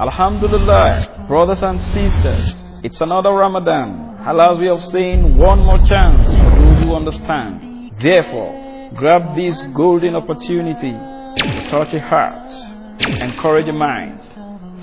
Alhamdulillah, brothers and sisters, it's another Ramadan. Allah's way of saying one more chance for those who understand. Therefore, grab this golden opportunity to touch your hearts, encourage your mind,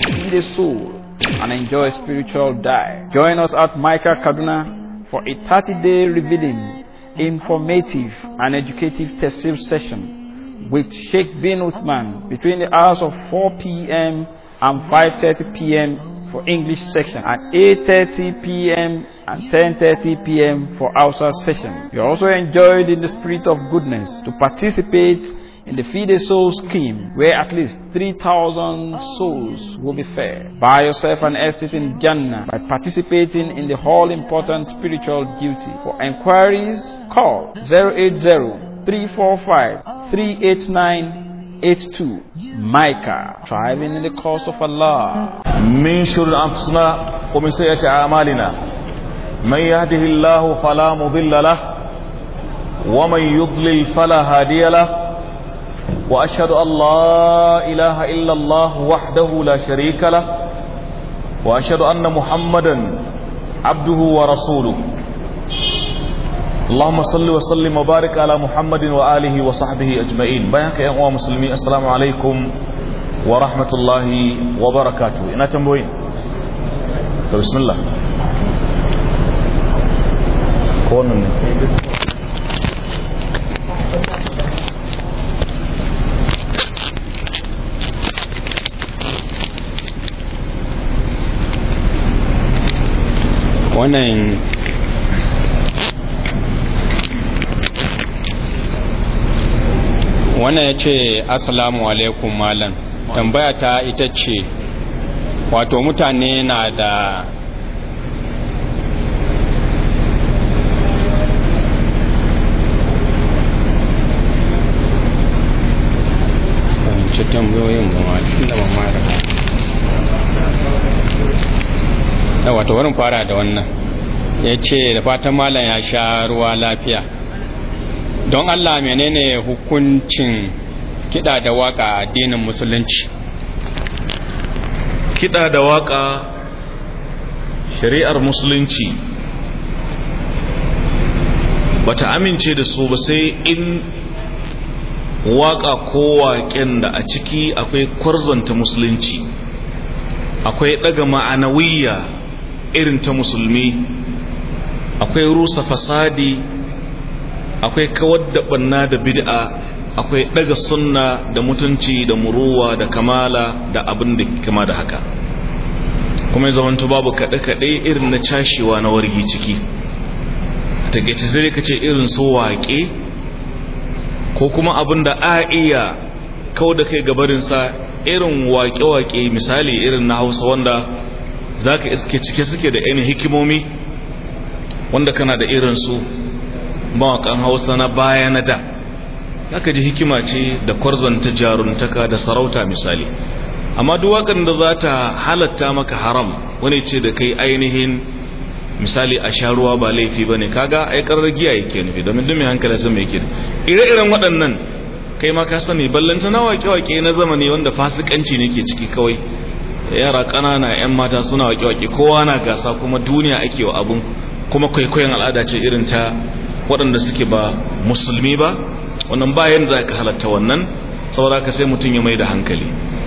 feed the soul, and enjoy a spiritual diet. Join us at Micah Kaduna for a 30 day revealing, informative, and educative tafsir session with Sheikh bin Uthman between the hours of 4 p.m and 5:30 p.m. for English section, and 8:30 p.m. and 10:30 p.m. for Hausa session. You are also enjoyed in the spirit of goodness to participate in the Feed a Soul scheme, where at least 3,000 souls will be fed. Buy yourself an estate in Jannah by participating in the all important spiritual duty. For enquiries, call 080 345 389 82 Micah, thriving in the cause of Allah من شر أنفسنا ومن سيئة أعمالنا من يهده الله فلا مضل له ومن يضلل فلا هادي له وأشهد أن لا إله إلا الله وحده لا شريك له وأشهد أن محمدا عبده ورسوله Allahumma salli wa sallim wa barik ala Muhammadin wa alihi wa sahbihi ajma'in bayan ka yan uwa musulmi assalamu alaikum wa rahmatullahi wa barakatuh ina tambayoyin to bismillah ko ne wannan wannan ya ce assalamu alaikum malam tambaya ta ita ce wato mutane na da wato wurin fara da wannan ya ce da fatan malam ya sha ruwa lafiya don Allah menene hukuncin kiɗa da waka addinin musulunci Kiɗa da waƙa shari'ar musulunci bata amince da su ba sai in waƙa ko waken da a ciki akwai kwarzanta musulunci akwai ɗaga ma'anawiyya irin ta musulmi akwai rusa fasadi akwai kawar da ɓanna da bid'a akwai ɗaga sunna da mutunci da muruwa da kamala da abin da kama da haka kuma ya zamanta babu kaɗe-kaɗe irin na cashewa na wargi ciki a kace zai ka ce irin su waƙe ko kuma abin da a iya kawo da kai gabarinsa irin waƙe-waƙe misali irin na hausa wanda za ka iske cike suke da ainihin hikimomi wanda kana da irinsu mawakan hausa na baya na da aka ji hikima ce da kwarzanta jaruntaka da sarauta misali amma duwakan da za ta halatta maka haram wani ce da kai ainihin misali a sha ba laifi ba ne kaga aikar karar giya yake nufi domin dumin hankali sun mai kiri ire-iren waɗannan kai ma ka sani ballanta na waƙe-waƙe na zamani wanda fasikanci ne ke ciki kawai yara ƙanana 'yan mata suna wake-wake kowa na gasa kuma duniya ake wa abun kuma kwaikwayon al'ada ce irin ta waɗanda suke ba musulmi ba wannan bayan da ka halatta wannan saboda ka sai mutum ya mai da hankali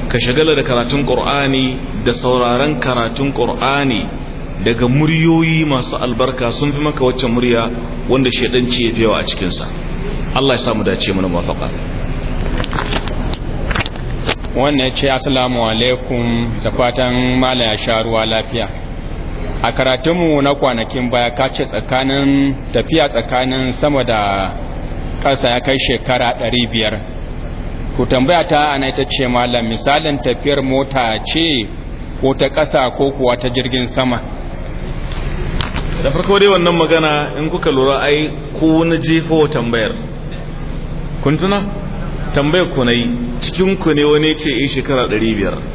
ka shagala da karatun ƙur'ani da sauraron karatun ƙur'ani daga muryoyi masu albarka sun fi maka wacce murya wanda shaidanci ya fiyawa a cikinsa Allah ya samu dace mana mafaka wannan ce assalamu alaikum da fatan mala ya sha ruwa lafiya a karatunmu na kwanakin baya ka ce tsakanin tafiya tsakanin sama da ƙasa ya kai shekara 500 ku tambaya ta ana ita ce malam misalin tafiyar mota ce ko ta ƙasa ko kuwa ta jirgin sama da farko dai wannan magana in kuka lura ai ko na jefo tambayar kun tuna tambayar ku na yi cikin ku ne wani ce in eh shekara 500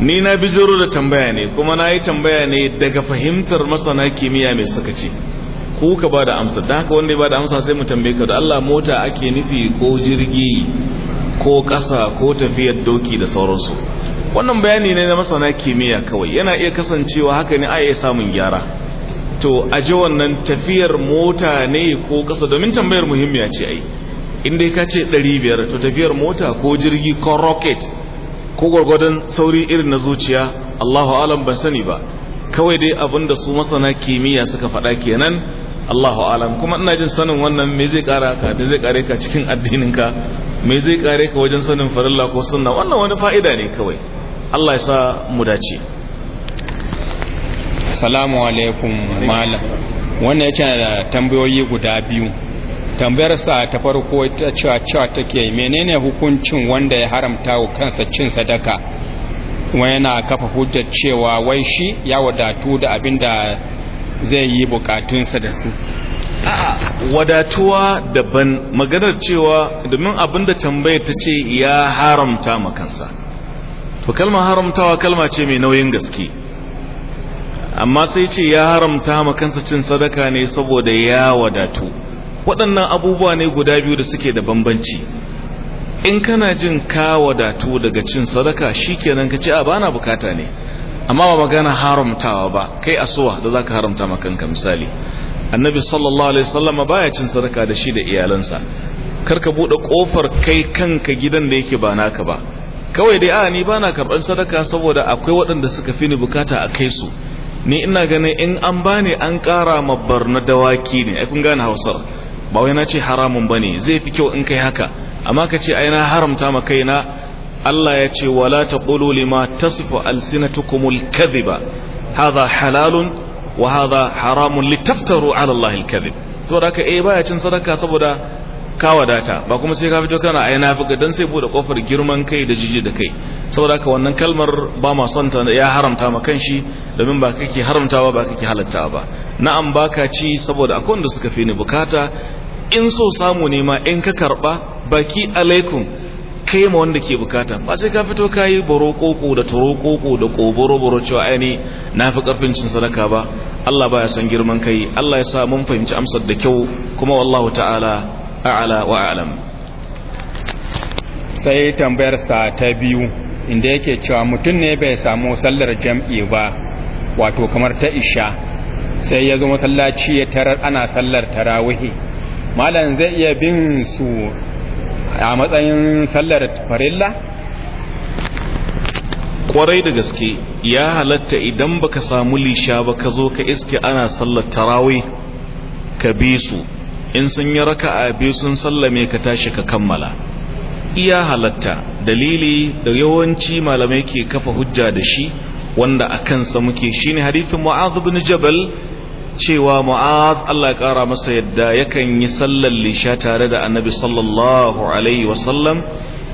ni na bijiro da tambaya ne kuma na yi tambaya ne daga fahimtar masana kimiyya mai sakaci ko ka ba da amsa da haka wanda ya ba da amsa sai mu tambaye ka da Allah mota ake nufi ko jirgi ko ƙasa ko tafiyar doki da sauransu wannan bayani ne na masana kimiyya kawai yana iya kasancewa haka ne a iya samun gyara to a ji wannan tafiyar mota ne ko ƙasa domin tambayar muhimmiya ce ai inda ka ce 500 to tafiyar mota ko jirgi ko rocket ko gwargwadon sauri irin na zuciya Allahu alam ban sani ba kawai dai abin da su masana kimiyya suka faɗa kenan Allahu alam kuma ina jin sanin wannan me zai kara ka me zai kare ka cikin addinin ka me zai kare ka wajen sanin farilla ko sunna wannan wani fa'ida ne kawai Allah ya sa mu dace Assalamu alaikum Mallam. wannan yana da tambayoyi guda biyu tambayarsa ta farko ta cewa cewa take menene hukuncin wanda ya haramta wa kansa cin sadaka kuma yana kafa hujjar cewa wai shi ya wadatu da abin da zai yi bukatunsa da su a'a wadatuwa daban maganar cewa domin abin da tambayar ta ce ya haramta ma kansa to kalma haramtawa kalma ce mai nauyin gaske amma sai ce ya haramta ma kansa cin sadaka ne saboda ya wadatu waɗannan abubuwa ne guda biyu da suke da bambanci in kana jin ka wadatu daga cin sadaka shi shikenan ka ce a bana bukata ne amma ba magana haramtawa ba kai asuwa da zaka haramta ma misali annabi sallallahu alaihi wasallama baya cin sadaka da shi da iyalansa karka bude kofar kai kanka gidan da yake ba naka ba kawai dai a ni bana karban sadaka saboda akwai waɗanda suka fi ni bukata a kai su ni ina ganin in an bani an kara mabbar na dawaki ne ai kun gane hausar ba wai na ce haramun ba ne zai fi kyau in kai haka amma ka ce aina na haramta ma kaina Allah ya ce wala ta lima tasifu alsinatukumul kadhiba hadha halalun wa hadha haramun litaftaru ala Allah alkadhib Saboda haka eh baya cin sadaka saboda ka wadata ba kuma sai ka fito kana aina na fuka dan sai bude kofar girman kai da jiji da kai saboda haka wannan kalmar ba ma son ta ya haramta ma kanshi domin ba kake haramtawa ba kake halatta ba na'am baka ci saboda akwai wanda suka fi ni bukata in so samu ne ma in ka karba baki alaikum kai ma wanda ke bukata ba sai ka fito ka yi koko da koko da boro cewa aini na fi karfin cin sadaka ba Allah baya san girman kai Allah ya sa mun fahimci amsar da kyau kuma wallahu ta'ala a'ala wa a'lam sai tambayar sa ta biyu inda yake cewa mutum ne bai samu sallar jam'i ba wato kamar ta isha sai ya zo masallaci ya tarar ana sallar tarawihi malam zai iya bin su a matsayin sallar farilla kwarai da gaske ya halatta idan baka samu lisha ba ka zo ka iske ana sallar tarawe ka bi su in sun yi raka a bi sun sallame ka tashi ka kammala iya halatta dalili da yawanci malamai ke kafa hujja da shi wanda a kansa muke shine hadithin mu'adh ibn jabal cewa mu'az Allah ya kara masa yadda yakan yi sallar lisha tare da annabi sallallahu alaihi wasallam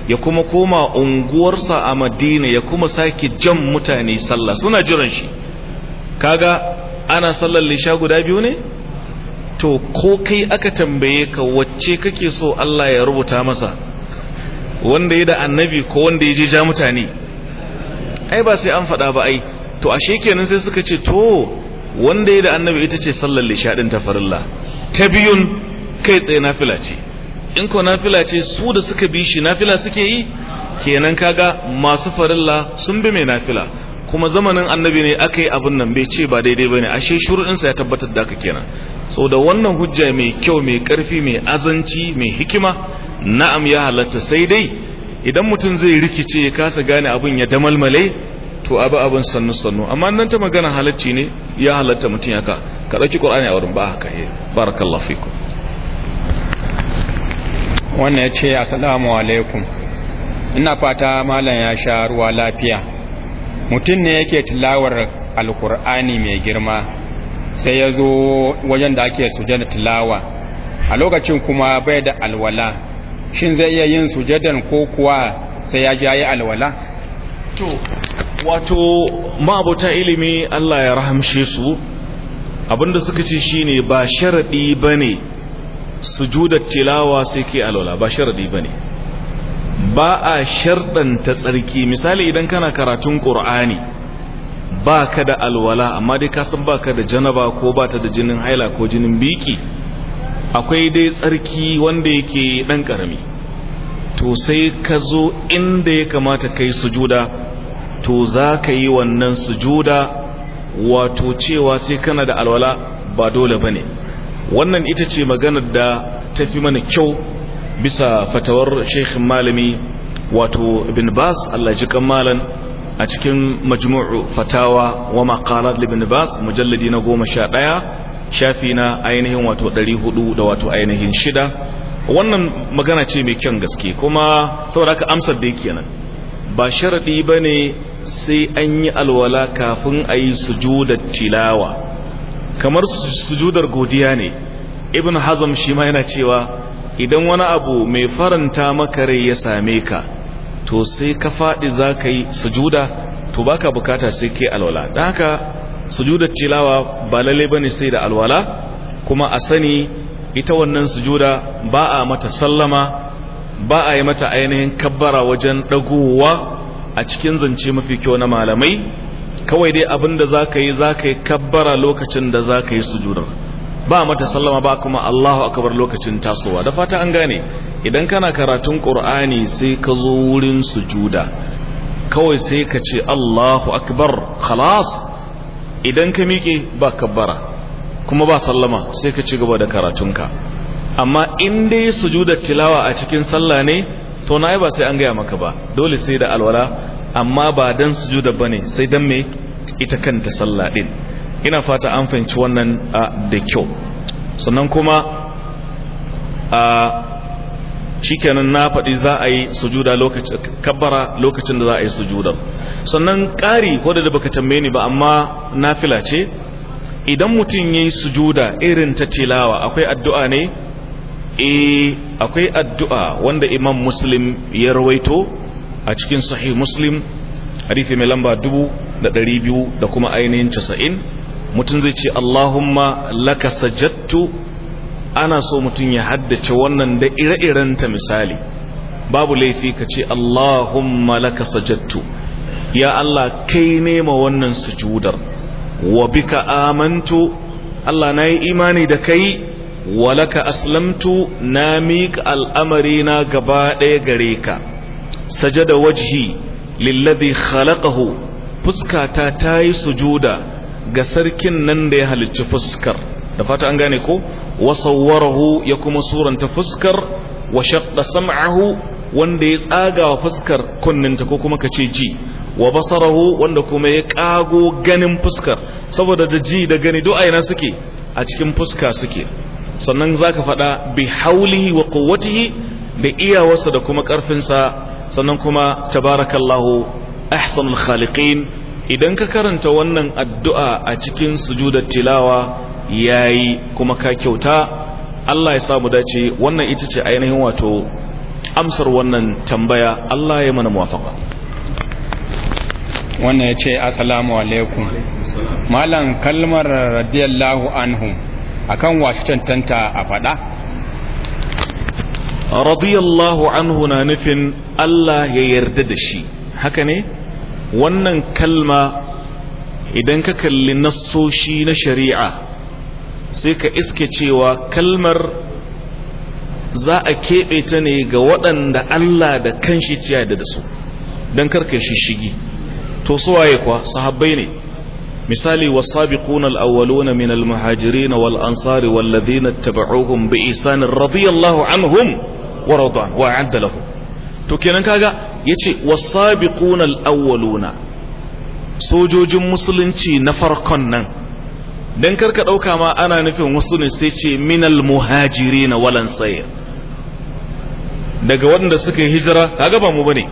ya kuma koma unguwarsa a madina ya kuma sake jan mutane sallah suna jiran shi kaga ana sallar lisha guda biyu ne to ko kai aka tambaye ka wacce kake so Allah ya rubuta masa wanda ya da annabi ko wanda ya je ja mutane ai ba sai an faɗa ba ai to ashe kenan sai suka ce to wanda ya da annabi ita ce sallar lisha ta farilla ta biyun kai tsaye nafila ce in ko nafila ce su da suka bi shi nafila suke yi kenan kaga masu farilla sun bi mai nafila kuma zamanin annabi ne aka yi abin nan bai ce ba daidai ba ne ashe shuruɗinsa ya tabbatar da ka kenan sau da wannan hujja mai kyau mai ƙarfi mai azanci mai hikima na'am ya halatta sai dai idan mutum zai rikice ya kasa gane abin ya damalmale to abu abin sannu sannu amma nan ta magana halacci ne ya halatta mutum ya ka ka ɗauki qur'ani a wurin ba haka yi eh, barakallah fiku wannan ya ce assalamu alaikum ina fata malam ya sha ruwa lafiya mutum ne yake tilawar alkur'ani mai girma sai ya zo wajen da ake sujada tilawa a lokacin kuma bai da alwala shin zai iya yin sujadan ko kuwa sai ya ji ayi alwala to wato mabuta ilimi Allah ya rahamshe su abinda suka ce shine ba sharadi bane sujudat tilawa sai ke alwala ba sharadi bane ba a shardanta tsarki misali idan kana karatun ba ka da alwala amma dai kasan san ka da janaba ko ba ta da jinin haila ko jinin biki akwai dai tsarki wanda yake ɗan ƙarami to sai ka zo inda ya kamata kai sujuda to za ka yi wannan sujuda wato cewa sai kana da alwala ba dole ba ne wannan ita ce maganar da ta fi mana kyau bisa fatawar sheikhin malami wato ibn bas allah malan a cikin majmu'u fatawa wa maqalat ibn bas mujalladi na goma sha ɗaya shafi na ainihin wato 400 da wato ainihin shida wannan magana ce mai kyan gaske kuma saboda haka amsar da yake nan ba sharaɗi ba ne sai an yi alwala kafin a yi sujudar tilawa kamar sujudar godiya ne ibn hazam shi ma yana cewa idan wani abu mai faranta maka rai ya same ka to sai ka faɗi za ka yi sujuda to baka bukata sai ke alwala don haka sujudar tilawa ba lalle ne sai da alwala kuma a sani ita wannan sujuda ba a mata sallama ba a yi mata ainihin kabbara wajen ɗagowa a cikin zance mafi kyau na malamai kawai dai abin da za ka yi za ka yi kabbara lokacin da za ka yi sujudar ba mata sallama ba kuma Allahu akbar lokacin tasowa da fata an gane idan kana karatun ƙur'ani sai ka zo wurin sujuda kawai sai ka ce Allahu akbar khalas idan ka miƙe ba kabbara kuma ba sallama sai ka ci gaba da karatunka amma in dai sujudar tilawa a cikin sallah ne to na ba sai an gaya maka ba dole sai da alwala amma ba dan sujuda bane sai dan me ita kanta sallah din ina fata an fahimci wannan da kyau sannan kuma a shikenan na faɗi za a yi sujuda lokacin kabbara lokacin da za a yi sujuda sannan ƙari wadda da baka tambaye ni ba amma nafila ce idan mutum yi sujuda irin ta tilawa akwai addu'a ne E, akwai addu'a wanda imam muslim ya rawaito a cikin sahih muslim hadithi mai lamba dubu da ɗari biyu da kuma ainihin casa'in mutum zai ce allahumma laka sajattu ana so mutum ya haddace wannan da ire-irenta misali babu laifi ka ce allahumma laka sajattu ya allah kai nema wannan sujudar wa bika amantu allah na yi imani da kai walaka aslamtu na miƙa al'amari na gaba ɗaya gare ka sajada wajhi lillazi khalaqahu fuskata ta yi sujuda ga sarkin nan da ya halicci fuskar da fata an gane ko wasawwarahu ya kuma suranta fuskar wa shaqqa sam'ahu wanda ya tsaga wa fuskar kunninta ko kuma kace ji wa basarahu wanda kuma ya kago ganin fuskar saboda da ji da gani duk ina suke a cikin fuska suke sannan za ka faɗa bi haulihi wa kowatihi da iyawarsa da kuma ƙarfinsa sannan kuma tabarakallahu ahsanul khaliqin idan ka karanta wannan addu'a a cikin sujudar tilawa yayi kuma ka kyauta Allah ya sa mu dace wannan ita ce ainihin wato amsar wannan tambaya Allah ya mana muwafaka wannan ya ce assalamu alaikum malam kalmar radiyallahu anhu akan wasu tantanta a fada radiyallahu anhu na nufin Allah ya yarda da shi haka ne wannan kalma idan ka kalli nassoshi na shari'a sai ka iske cewa kalmar za a keɓe ta ne ga waɗanda Allah da kanshi ya yarda da su don karkar shigi to suwaye kuwa sahabbai ne misali wasabiquna al-awwaluna min al-muhajirin wal ansari wal ladhina ittaba'uhum bi ihsan radiyallahu anhum wa radan wa a'adda lahum to kenan kaga yace wasabiquna al-awwaluna sojojin musulunci na farkon nan dan karka dauka ma ana nufin wasu ne sai ce min al-muhajirin wal ansari daga waɗanda suka yi hijira kaga ba mu bane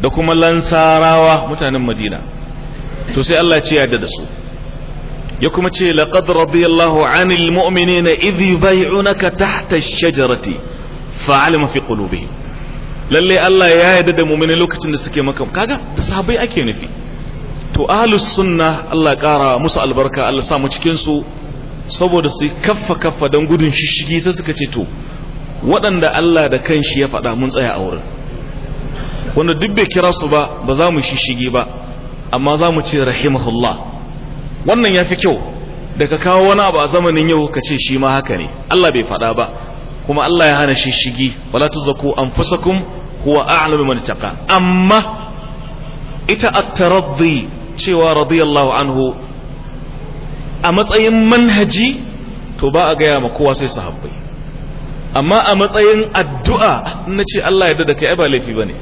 da kuma lansarawa mutanen madina to sai Allah ce yadda da su ya kuma ce laqad radiyallahu anil mu'minina idh yubay'unaka tahta ash-shajarati fa'alima fi qulubihim lalle Allah ya yarda da mu'mini lokacin da suke maka kaga da sahabbai ake nufi to ahlus sunna Allah kara musu albarka Allah sa mu cikin su saboda su kaffa kaffa dan gudun shishigi sai suka ce to waɗanda Allah da kanshi ya faɗa mun tsaya a wurin wanda duk bai kira su ba ba za mu shishigi ba amma za mu ce rahimahullah wannan ya fi kyau da kawo wani abu a zamanin yau ka ce shi ma haka ne Allah bai faɗa ba kuma Allah ya hana shi shigi wala tuzaku anfusakum huwa a'lamu man taqa amma ita at-taraddi cewa radiyallahu anhu a matsayin manhaji to ba a gaya ma kowa sai sahabbai amma a matsayin addu'a na ce Allah ya dada kai ba laifi bane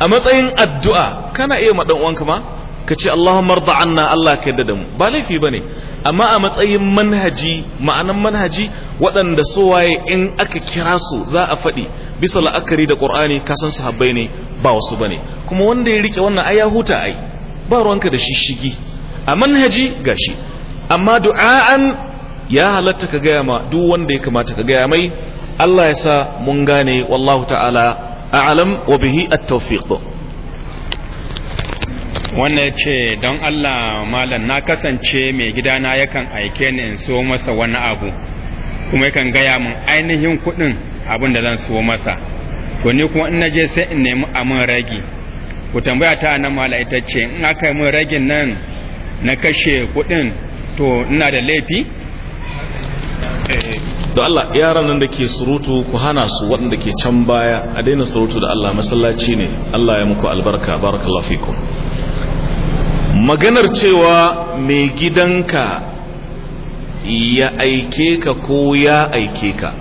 a matsayin addu'a kana iya ma dan uwanka ma ka ce Allahumma arda anna Allah ka yadda da mu ba laifi bane amma a matsayin manhaji ma'anan manhaji waɗanda waye in aka kira su za a faɗi bisa la'akari da Qur'ani ka san sahabbai ne ba wasu bane kuma wanda ya rike wannan aya ya huta ai ba ruwanka da shishigi a manhaji gashi amma du'a'an ya halatta ka gaya ma duk wanda ya kamata ka gaya mai Allah ya sa mun gane wallahu ta'ala a'lam wa bihi at-tawfiq wannan ce don Allah malam na kasance mai gidana yakan aike ni in so masa wani abu kuma yakan gaya mun ainihin kuɗin abin da zan so masa to ni kuma in na je sai in nemi a min ragi ku tambaya ta nan mala ita ce in aka yi min ragin nan na kashe kuɗin to ina da laifi eh, da Allah yaran nan da ke surutu ku hana su waɗanda ke can baya a daina surutu da Allah masallaci ne Allah ya muku albarka barakallahu fikum maganar cewa mai gidanka ya aike ka ko ya aike ka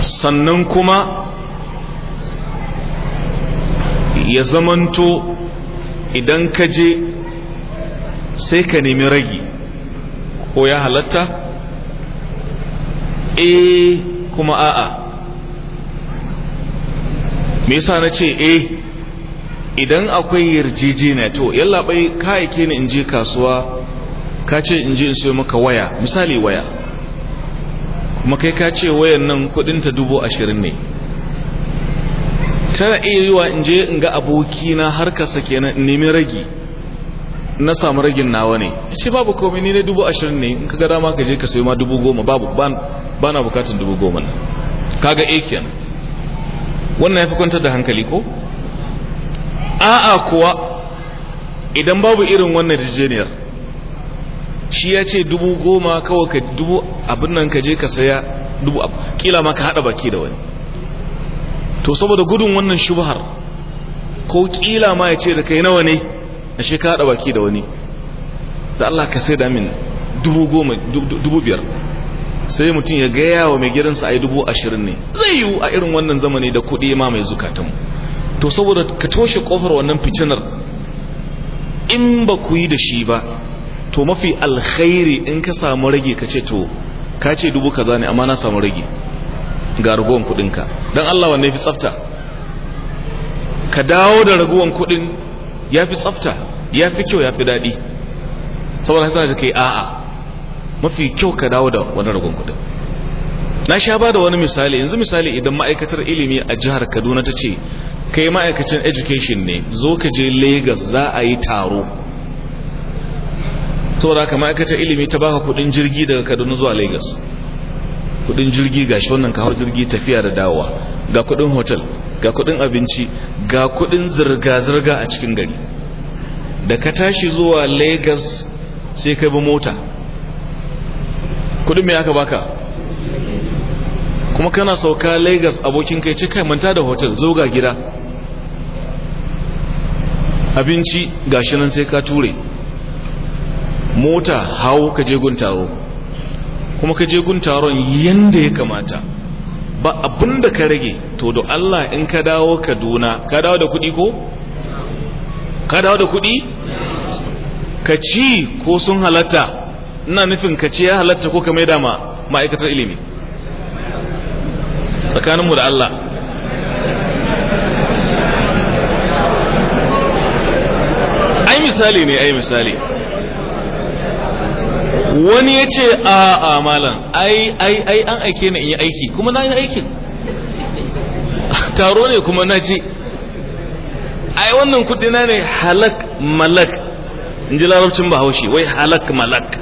sannan kuma ya zamanto idan ka je sai ka nemi ragi ko ya halatta eh kuma a'a me yasa na ce eh idan akwai yarjejeniya to yalla bai kayayyaki ne in je kasuwa ka ce in je in sayo maka waya misali waya kuma kai ka ce wayan nan ta dubu ashirin ne tana iya yiwa in je in ga abokina har kasa kenan in nemi ragi na samu ragin nawa ne ce babu komai ni ne dubu ashirin ne in ka ga dama ka je ka sayo ma dubu goma babu ba na bukatun dubu goma kaga a kenan wannan ya fi kwantar da hankali ko a'a kuwa idan babu irin wannan jijjeniyar shi ya ce dubu goma kawai ka dubu abin nan ka je ka saya dubu abu kila ma ka haɗa baki da wani to saboda gudun wannan shubhar ko kila ma ya ce da kai nawa ne a shi ka haɗa baki da wani da Allah ka sai da min dubu goma dubu biyar sai mutum ya gaya wa mai gidansa a yi dubu ashirin ne zai yiwu a irin wannan zamani da kuɗi ma mai zukatanmu to saboda ka toshe kofar wannan fitinar in ba ku yi da shi ba to mafi alkhairi in ka samu rage ka ce to ka ce dubu kaza ne amma na samu rage ga ragowar kudinka don Allah wanne fi tsafta ka dawo da ragowar kudin ya fi tsafta ya fi kyau ya fi daɗi saboda hasan da kai a'a mafi kyau ka dawo da wani ragowar kudin na sha ba da wani misali yanzu misali idan ma'aikatar ilimi a jihar kaduna ta ce kai ma'aikacin education ne zo ka je lagos za a yi taro saboda haka ma'aikacin ilimi ta baka kudin jirgi daga kaduna zuwa lagos kudin jirgi ga shi wannan kawo jirgi tafiya da dawowa ga kudin hotel ga kudin abinci ga kudin zirga-zirga a cikin gari da ka tashi zuwa lagos sai ka bi mota kudin mai aka baka kuma kana sauka lagos abokin kai cika manta da hotel zo ga gida abinci gashi nan sai ka ture mota hawo ka je gun taro kuma ka je gun taron yanda ya kamata ba abinda ka rage to da Allah in ka dawo Kaduna ka dawo da kuɗi ko ka dawo da kuɗi ka ci ko sun halatta ina nufin ka ci ya halatta ko ka maida ma ma'aikatar ilimi tsakaninmu da Allah misali ne ai misali wani ya ce a a malam ai ai ai an aike na yi aiki kuma na yi aikin taro ne kuma na ji ai wannan kudina ne halak malak in ji larabcin bahaushe wai halak malak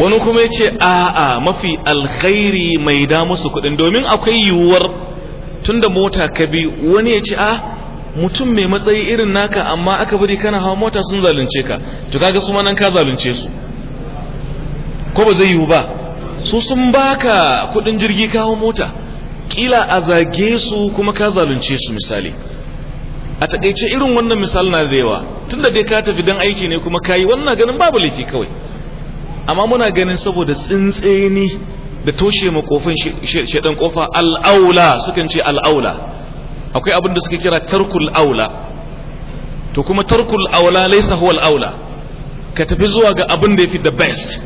wani kuma ya ce a'a mafi alkhairi mai da musu kudin domin akwai yiwuwar tunda mota ka bi wani ya ce a ah, mutum mai matsayi irin naka amma aka bari kana hawa mota sun zalunce ka to kaga su nan ka zalunce su ko ba zai yiwu ba su sun baka kudin jirgi kawo mota kila a zage su kuma ka zalunce su misali a takaice irin wannan misali na da yawa tunda dai ka tafi dan aiki ne kuma kayi wannan ganin babu laifi kawai amma muna ganin saboda tsintseni da toshe makofin shedan kofa al'aula sukan ce al'aula akwai abin da suke kira tarkul aula to kuma tarkul aula laisa huwal aula ka tafi zuwa ga abin da yafi the best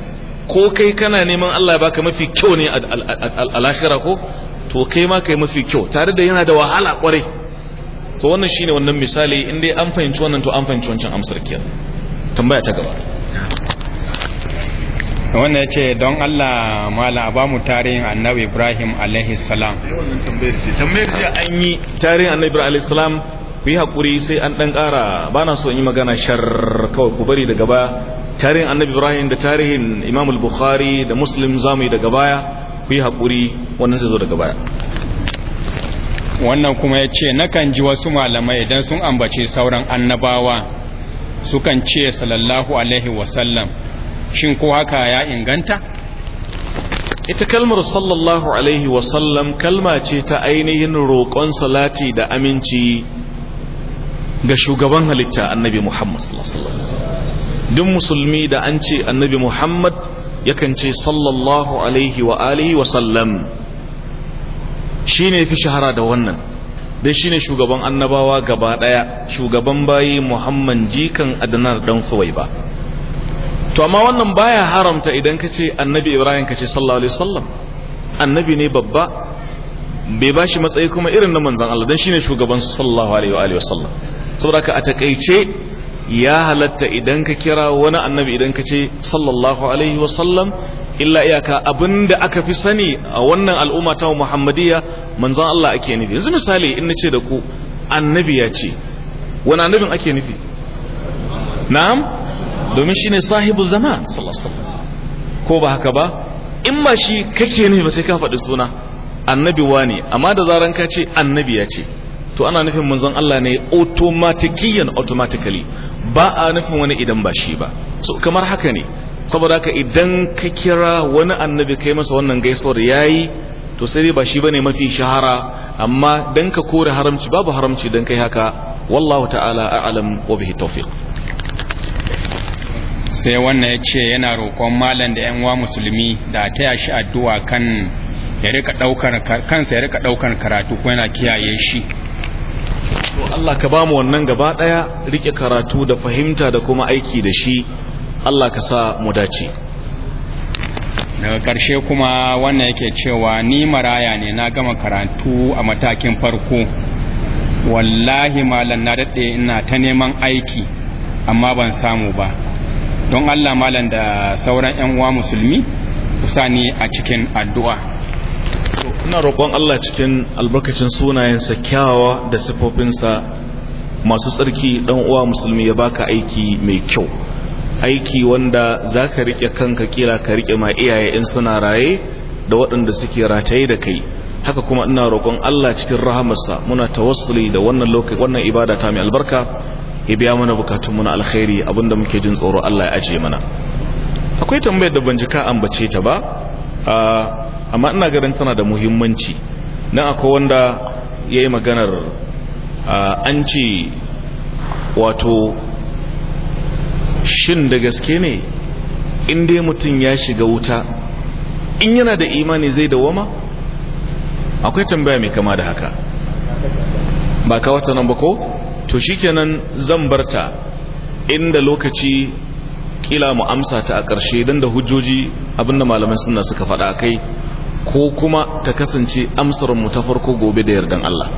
ko kai kana neman Allah ya baka mafi kyau ne a lahira ko to kai ma kai mafi kyau tare da yana da wahala kwarai to wannan shine wannan misali in dai an fahimci wannan to an fahimci wancan amsar kenan tambaya ta gaba wannan ya ce don Allah mala ba mu tarihin annabi Ibrahim alaihi salam tambayar ce an yi tarihin annabi Ibrahim alaihi salam ku yi hakuri sai an dan ƙara ba na so in yi magana shar kawai ku bari daga baya tarihin annabi Ibrahim da tarihin Imam al-Bukhari da Muslim zamu yi daga baya ku yi hakuri wannan sai zo daga baya wannan kuma ya ce nakan ji wasu malamai idan sun ambace sauran annabawa sukan ce sallallahu alaihi wasallam shin ko haka ya inganta ita kalmar sallallahu alaihi wasallam kalma ce ta ainihin roƙon salati da aminci ga shugaban halitta annabi muhammad sallallahu duk musulmi da an ce annabi muhammad yakan ce sallallahu alaihi wa alihi wasallam shi ne fi shahara da wannan dai shi ne shugaban annabawa gaba ɗaya shugaban bayi muhammad jikan adanar ɗan suwai ba to amma wannan baya haramta idan kace annabi ibrahim kace ce sallallahu alaihi wasallam annabi ne babba bai bashi matsayi kuma irin na manzan Allah don shine shugaban su sallallahu alaihi wasallam saboda ka a takaice ya halatta idan ka kira wani annabi idan kace ce sallallahu alaihi wasallam illa iyaka abinda aka fi sani a wannan al'umma ta muhammadiyya manzan Allah ake nufi yanzu misali in nace da ku annabi ya ce wani annabin ake nufi na'am domin shine sahibu zama ko ba haka ba in ba shi kake nufi ba sai ka faɗi suna annabi wani amma da zaran ka ce annabi ya ce to ana nufin manzon Allah ne automatikiyan automatically ba a nufin wani idan ba shi ba so kamar haka ne saboda haka idan ka kira wani annabi kai masa wannan gaisuwar yayi to sai dai ba shi bane mafi shahara amma dan ka kore haramci babu haramci dan kai haka wallahu ta'ala a'lam wa bihi tawfiq sai wannan ya ce yana roƙon malam da yan musulmi da taya shi addu'a kan ya kansa ya rika ɗaukar karatu ko yana kiyaye shi to Allah ka bamu wannan gaba daya rike karatu da fahimta da kuma aiki da shi Allah ka sa mu dace daga karshe kuma wannan yake cewa ni maraya ne na gama karatu a matakin farko wallahi malam na daɗe ina ta neman aiki amma ban samu ba don Allah malam da sauran yan uwa musulmi kusa ne a cikin addu'a ina roƙon Allah cikin albarkacin sunayensa kyawawa da siffofinsa masu tsarki ɗan uwa musulmi ya baka aiki mai kyau aiki wanda za ka riƙe kanka kila ka riƙe ma iyaye in suna raye da waɗanda suke rataye da kai haka kuma ina roƙon Allah cikin rahamarsa muna tawassuli da wannan lokaci wannan ibada ta mai albarka ya biya mana bukatun na alkhairi abinda muke jin tsoro Allah ya ajiye mana akwai tambayar da ban ka ambace ta ba amma ina garin tana da muhimmanci nan akwai wanda ya maganar an ce wato shin da gaske ne in dai mutum ya shiga wuta in yana da imani zai wama akwai tambaya mai kama da haka ba ka wata nan ba ko to shikenan zan barta inda lokaci kila mu amsa ta a ƙarshe don da hujjoji abinda malamai suna suka faɗa kai ko kuma ta kasance amsarmu ta farko gobe da yardan Allah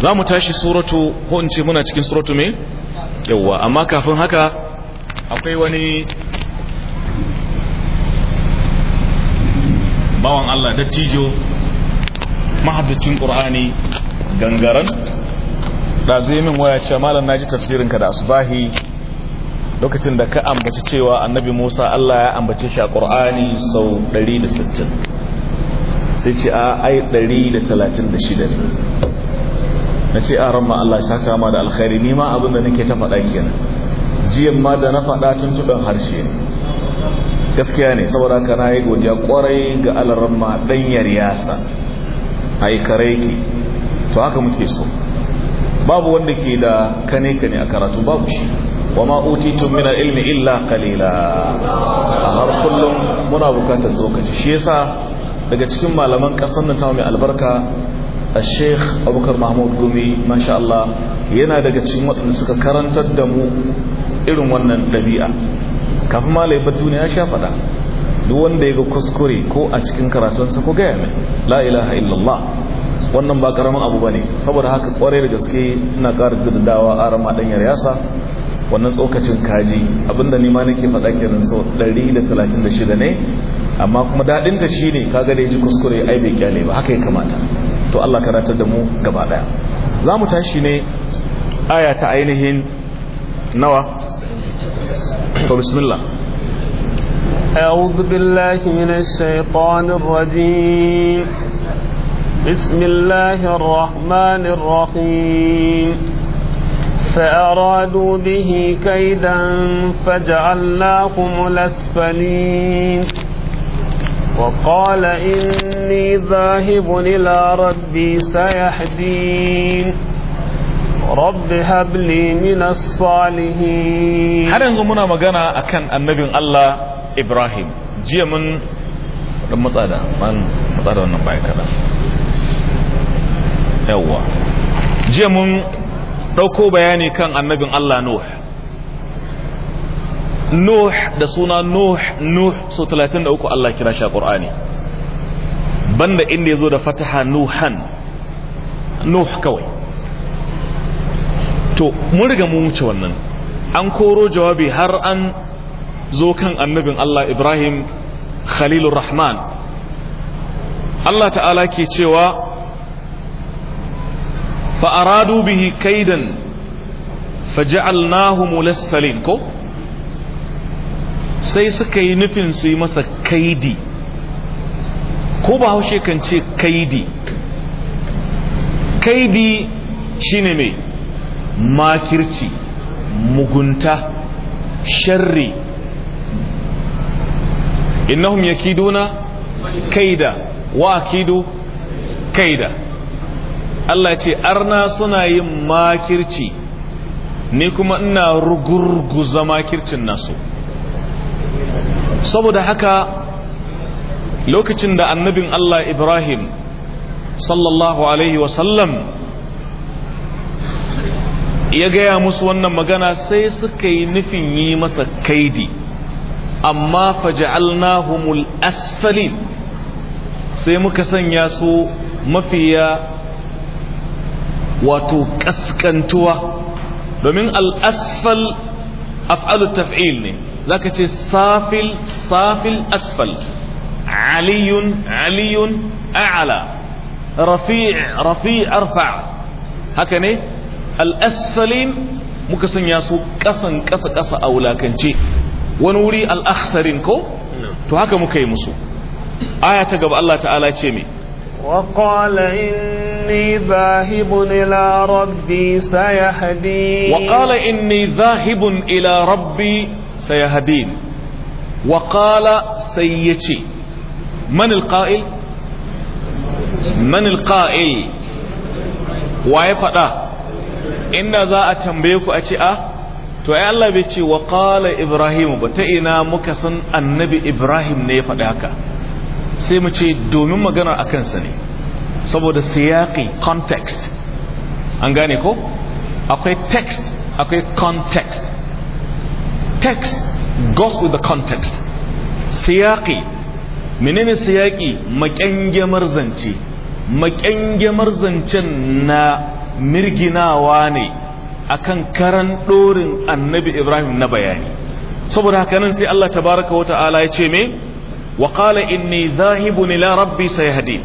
za mu tashi suratu ko in ce muna cikin suratu me yawwa amma kafin haka akwai wani bawan Allah dattijo mahaddacin ƙur'ani gangaran. ɗazu yi min waya ce malam na ji ka da asubahi lokacin da ka ambaci cewa annabi musa allah ya ambace shi a ƙor'ani sau 160 sai ce a ai 136 ne na ce a ramma allah ya saka da alkhairi nima abinda nake ta faɗa kenan jiyan ma da na faɗa tuntuɓen harshe ne gaskiya ne saboda ka na yi godiya kwarai ga alarma ɗanyar yasa a yi kare ki to haka muke so babu wanda ke da kane kane a karatu babu shi wa ma utitum ilmi illa qalila har kullum muna bukatar tsokaci shi yasa daga cikin malaman kasar nan ta mai albarka Sheikh Abubakar Mahmud Gumi masha Allah yana daga cikin waɗanda suka karantar da mu irin wannan ɗabi'a kafin malai ba duniya sha faɗa duk wanda ya ga kuskure ko a cikin karatunsa ko gaya mai la ilaha illallah wannan ba karamin abu ne saboda haka kwarai da gaske ina ƙara dawa a rama ɗan yasa wannan tsokacin kaji abinda nima nake faɗa kenan sau 136 ne amma kuma daɗinta shi ne kaga da ya kuskure ai bai kyale ba haka ya kamata to Allah karatar da mu gaba ɗaya za mu tashi ne aya ta ainihin nawa to bismillah أعوذ بالله من الشيطان الرجيم بسم الله الرحمن الرحيم فأرادوا به كيدا فجعلناهم الأسفلين وقال إني ذاهب إلى ربي سيحدين رب هب لي من الصالحين هل أنتم منا مغانا أكن النبي الله إبراهيم جيمن مطادا من مطادا ونبعي كلام yawwa jiya mun ɗauko bayani kan annabin Allah Nuh Nuh da suna Nuh Nuh so 33 Allah kira shi a Qur'ani banda inda yazo da fataha Nuhan Nuh kawai to mun riga mun wuce wannan an koro jawabi har an zo kan annabin Allah Ibrahim Khalilur Rahman Allah ta'ala ke cewa فأرادوا به كيدا فجعلناه ملسلين كو sai suka yi nufin su yi masa kaidi ko ba haushe kan ce kaidi kaidi shine mai makirci mugunta sharri innahum yakiduna kaida wa akidu kaida Allah ce arna suna yin makirci ni kuma ina rugurguza makircin nasu saboda haka lokacin da annabin Allah Ibrahim sallallahu alaihi wasallam ya gaya musu wannan magana sai suka yi nufin yi masa kaidi amma faja'alnahumul asfalin sai muka sanya su mafiya wato kaskantuwa domin al'asfal af'alu taf'il ne zaka ce safil safil asfal aliyun aliyun a'ala rafi' arfa' haka ne al'asfalin muka sanya su kasan kasa kasa a wulakance wani wuri al'akhsarin ko to haka muka yi musu aya ta gaba Allah ta'ala ce mai وقال إني ذاهب إلى ربي سيهدين وقال إني ذاهب إلى ربي سيهدين وقال سيتي من القائل من القائل ويفتا inda za a tambaye a a to ai Allah bai ce wa qala ibrahim ba ta ina muka san annabi ibrahim ne ya faɗa haka sai mu ce domin magana a kansa ne saboda siyaki context an gane ko akwai text akwai context text goes with the context siyaki menene siyaki makyangyamar zance makyangyamar zancen na mirginawa ne akan karan dorin annabi ibrahim na bayani saboda haka nan sai allah tabaraka wa ta'ala ya ce me wa qala inni dhahibun ila rabbi sayahdi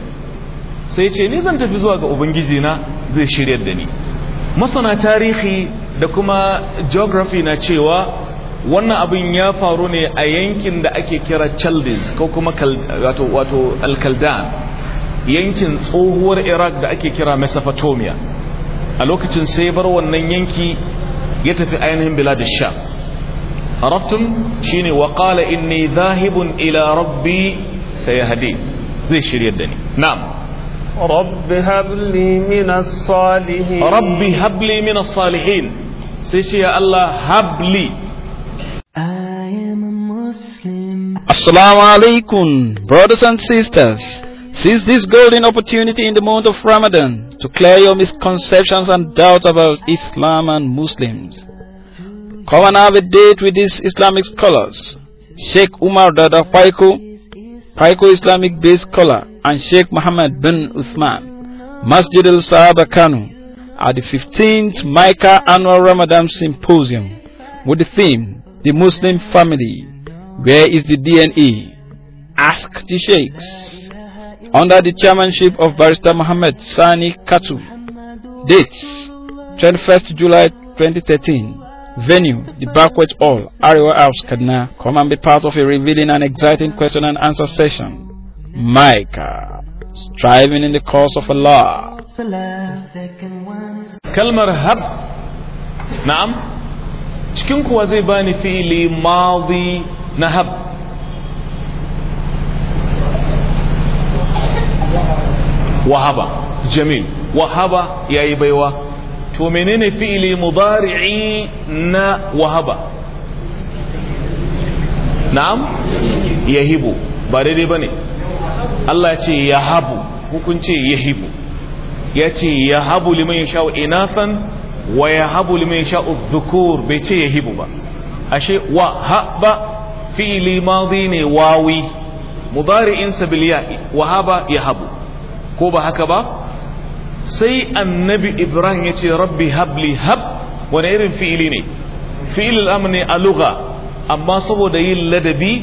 sai ce ni zan tafi zuwa ga ubangiji na zai shiryar da ni masana tarihi da kuma geography na cewa wannan abin ya faru ne a yankin da ake kira chaldees ko kuma wato wato alkaldan yankin tsohuwar iraq da ake kira mesopotamia a lokacin sai bar wannan yanki ya tafi ainihin biladish sha haraftun shine wa qala inni zahibun ila rabbi hade. zai shiryar da ni na'am رب هب لي من الصالحين رب هب لي من الصالحين سيشي الله هب لي I am a Muslim Assalamu alaikum brothers and sisters Seize this golden opportunity in the month of Ramadan to clear your misconceptions and doubts about Islam and Muslims. Come and have a date with these Islamic scholars, Sheikh Umar Dada Paiko, Paiko Islamic based scholar and Sheikh Muhammad bin Uthman, Masjid al Sahaba Kanu, at the 15th Micah Annual Ramadan Symposium with the theme The Muslim Family Where is the DNA? Ask the Sheikhs. Under the chairmanship of Barrister Muhammad Sani Katu. Dates 21st July 2013 venue, the banquet hall, Ariwa House, Kaduna. Come and be part of a revealing and exciting question and answer session. Micah, striving in the cause of Allah. Kalmar hab, na'am, cikin kuwa zai bani fi'ili madi na hab. Wahaba, Jamil, wahaba yayi baiwa to menene fi'ili mudari'i na wahaba na'am yahibu ba daidai ne. Allah ya ce yahabu hukunce yahibu ya ce yahabu liman yasha'u inafan wa yahabu liman yasha'u dhukur bai ce yahibu ba ashe wa haba fi'ili madi ne wawi mudari'in sabiliya wahaba yahabu ko ba haka ba sai annabi ibrahim ya ce rabbi habli hab wani irin fi'ili ne fi'il amni a luga amma saboda yin ladabi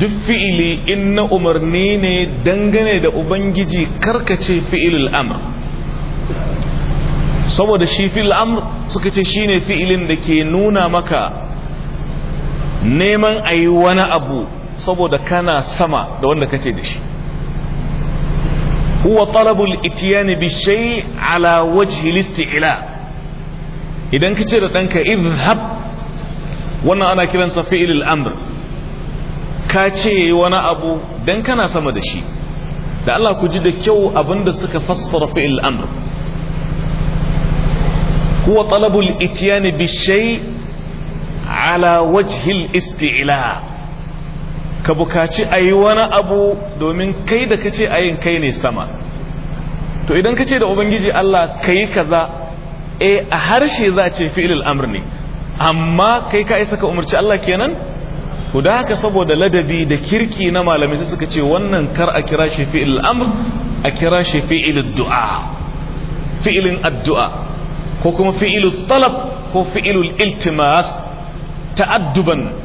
duk fi'ili in na umarni ne dangane da ubangiji karkace fi'il amr saboda shi fi'il amr suka ce shi ne fi'ilin da ke nuna maka neman a yi wani abu saboda kana sama da wanda kace da shi huwa talabul itiyani bishai ala wajhi listi'ila idan kace da danka idhab wannan ana kiransa fi'il amr ka ce wani abu dan kana sama da shi da Allah ku ji da kyau abinda suka fassara fi'il amr huwa talabul itiyani bishai ala wajhi al-isti'la ka bukaci a yi wani abu domin kai da kace a yin kai ne sama to idan kace da ubangiji Allah ka yi kaza e, a harshe za ce fi'ilil amr ne amma kai ka isa ka umarci Allah kenan ku da haka saboda ladabi da kirki na malamai suka ce wannan kar a kira shi fi'ilil amr a kira shi fi'ilil du'a fi'ilin addu'a ko kuma fi'ilul talab ko fi'ilul iltimas ta'adduban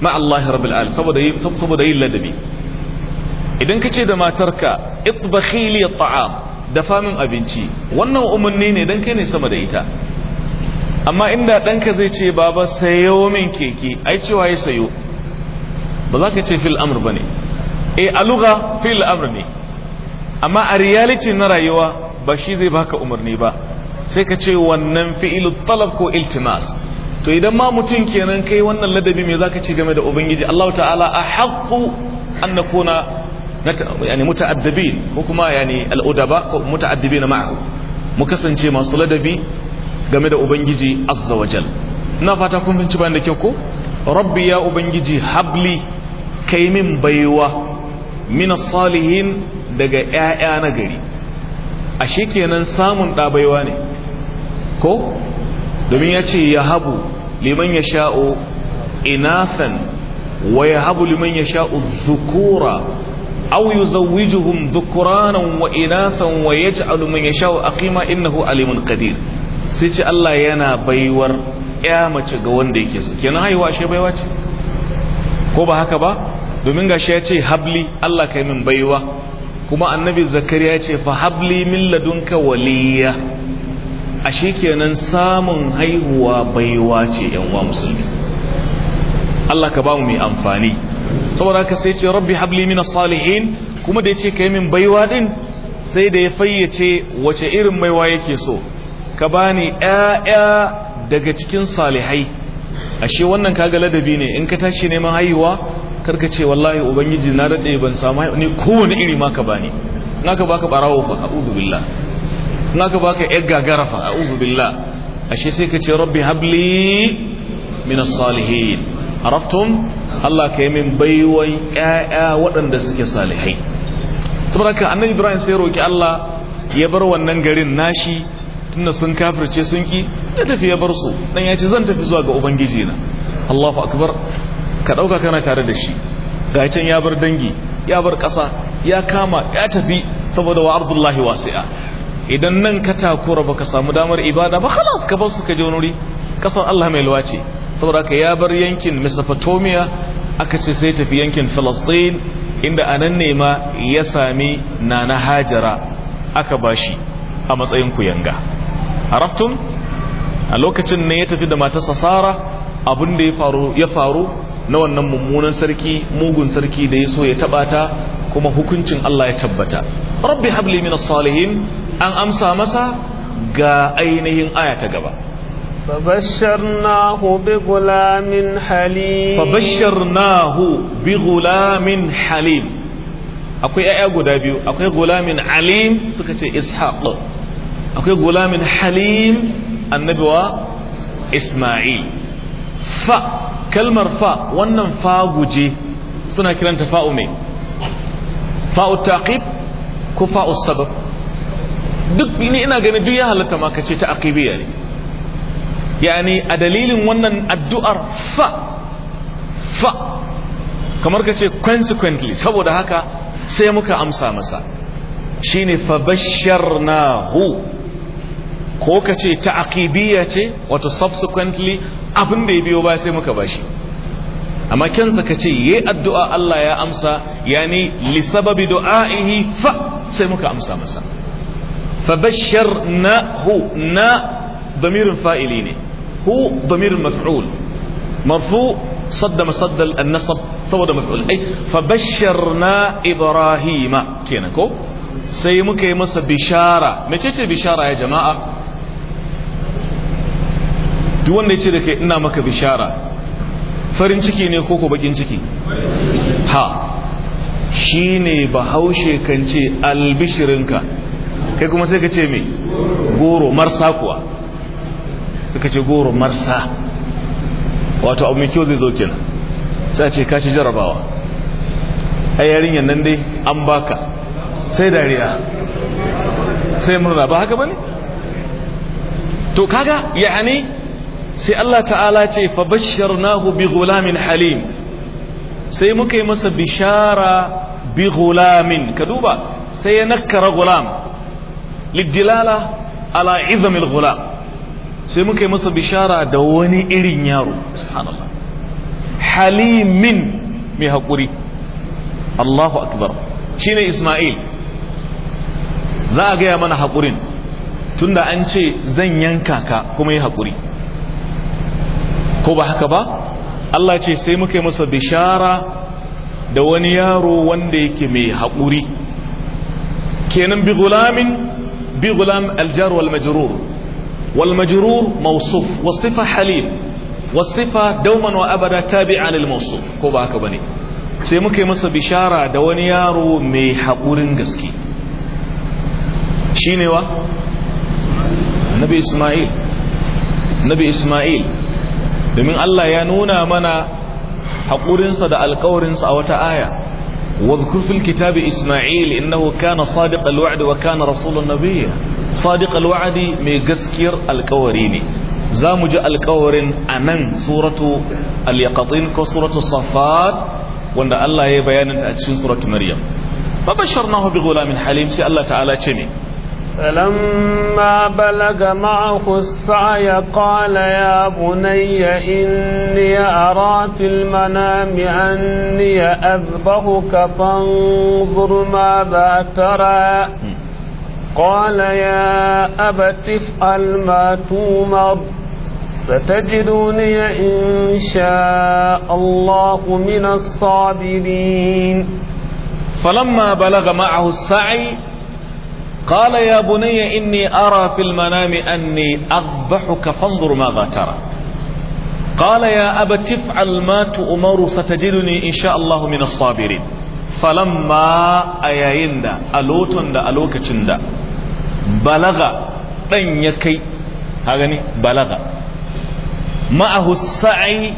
ma Allah rabbil alamin saboda saboda yin ladabi idan kace da matarka itbakhi li at'am dafa min abinci wannan umarni ne dan kai ne sama da ita amma inda ɗanka zai ce baba sayo min keke ai cewa ya sayo ba za ka ce fil amr ba ne e aluga fil amr ne amma a reality na rayuwa ba shi zai baka umarni ba sai ka ce wannan fi'ilu talab ko iltimas to idan ma mutum kenan kai wannan ladabi me zaka ci game da ubangiji Allah ta'ala a haqqu an nakuna yani ko kuma yani al'udaba ko muta'addibin ma'ahu mu kasance masu ladabi game da ubangiji azza wajal ina fata kun fahimci bayan da kyau ko rabbi ya ubangiji habli kai min baiwa min salihin daga ƴaƴa na gari ashe kenan samun ɗabaiwa ne ko domin ya ce ya habu liman ya sha'o inathan wa ya habu liman ya sha'o zukura au yi zawijuhun zukuranan wa inathan wa ya ji alumin ya sha'o a kima innahu alimun kadir sai ce Allah yana baiwar ya mace ga wanda yake so kenan haihuwa shi baiwa ce ko ba haka ba domin ga shi ya ce habli Allah kai min baiwa kuma annabi zakariya ce fa habli min ladunka waliya ashe kenan samun haihuwa baiwa ce yan uwa musulmi Allah ka bamu mu mai amfani saboda ka sai ce rabbi habli minas salihin kuma da yace kai min baiwa din sai da ya fayyace wace irin baiwa yake so ka bani ƴaƴa daga cikin salihai ashe wannan kaga ladabi ne in ka tashi neman haihuwa karka ce wallahi ubangiji na dade ban samu ni kowane iri ma ka bani naka baka barawo fa a'udhu billah in aka baka yar gagarafa a a'udhu billah ashe sai ka ce rabbi habli min as-salihin araftum Allah ka yi min baiwan ƴaƴa waɗanda suke salihai saboda haka annabi Ibrahim sai roki Allah ya bar wannan garin nashi tunda sun kafirce sun ki da tafi ya bar su dan ya ce zan tafi zuwa ga ubangiji na Allahu akbar ka dauka kana tare da shi ga can ya bar dangi ya bar ƙasa ya kama ya tafi saboda wa abdullahi wasi'a idan nan ka takura baka samu damar ibada ba halas ka bar ka je wani kasar Allah mai luwace saboda ka ya bar yankin Mesopotamia aka ce sai tafi yankin Palestine inda anan ne ma ya sami nana Hajara aka bashi a matsayin kuyanga araftum a lokacin ne ya tafi da matarsa Sara abin da ya faru ya faru na wannan mummunan sarki mugun sarki da ya so ya taba kuma hukuncin Allah ya tabbata rabbi habli min as-salihin an amsa masa ga ainihin aya ta gaba فبشرناه بغلام حليم فبشرناه بغلام حليم akwai ƴaƴa guda biyu akwai gulamin alim suka ce ishaq akwai gulamin halim annabiwa isma'il fa kalmar fa wannan fa guje suna kiranta fa'u me fa'u taqib ko fa'u sabab duk ni ina ganin duk ya halatta ma kace ta aqibiyya ne yani a dalilin wannan addu'ar fa fa kamar kace ce consequently saboda haka sai muka amsa masa shine fa basharnahu ko kace ta aqibiyya ce wato subsequently abin da ya biyo ba sai muka bashi amma kansa ka ce yayi addu'a Allah ya amsa yani li sababi du'aihi fa sai muka amsa masa فبشرنا هو نا ضمير فائلي هو ضمير مفعول مرفوع صد مصد النصب صد مفعول اي فبشرنا ابراهيم كينكو sai muka masa bishara mecece bishara ya jama'a duk wanda ya ce da kai ina maka bishara farin ciki ne koko bakin ciki ha shine bahaushe kan ce albishirinka kai kuma sai ka ce mai goro marsa kuwa ka ce goro marsa wato abu mai kyau zai zo kina sai ce ka ci jarabawa a yarin yannan dai an baka sai dariya sai murna ba haka bane to kaga yani sai Allah ta'ala ce fa basharnahu bi ghulamin halim sai muka yi masa bishara bi ghulamin ka duba sai ya nakkara gulam lidilala ala izamil gula sai muka yi masa bishara da wani irin yaro subhanallah halimin mai haƙuri Allahu akbar shine Ismail za a gaya mana haƙurin tunda an ce zan yanka ka kuma yi haƙuri ko ba haka ba Allah ce sai muka yi masa bishara da wani yaro wanda yake mai haƙuri kenan bi gulamin بغلام الجار والمجرور والمجرور موصوف والصفة حليم والصفة دوما وأبدا تابعة للموصوف كوبا كبني sai muka masa bishara da wani yaro mai haƙurin gaske shi ne wa? nabi ismail ismail domin Allah ya nuna mana haƙurinsa da alƙawarinsa a wata aya واذكر في الكتاب إسماعيل إنه كان صادق الوعد وكان رسول النبي صادق الوعد ميقسكر الكوريني زامج الكورين أمن سورة اليقطين كسورة الصفات وأن الله يبيان أتشين سورة مريم فبشرناه بغلام حليم سي الله تعالى كني فلما بلغ معه السعي قال يا بني إني أرى في المنام أني أذبحك فانظر ماذا ترى قال يا أبت افعل ما تومر ستجدوني إن شاء الله من الصابرين فلما بلغ معه السعي قال يا بني إني أرى في المنام أني أذبحك فانظر ماذا ترى قال يا أبا تفعل ما تؤمر ستجدني إن شاء الله من الصابرين فلما أيين دا ألوتن دا ألوكتن دا بلغ ɗan ya kai ha gani balaga ma'ahu sa'i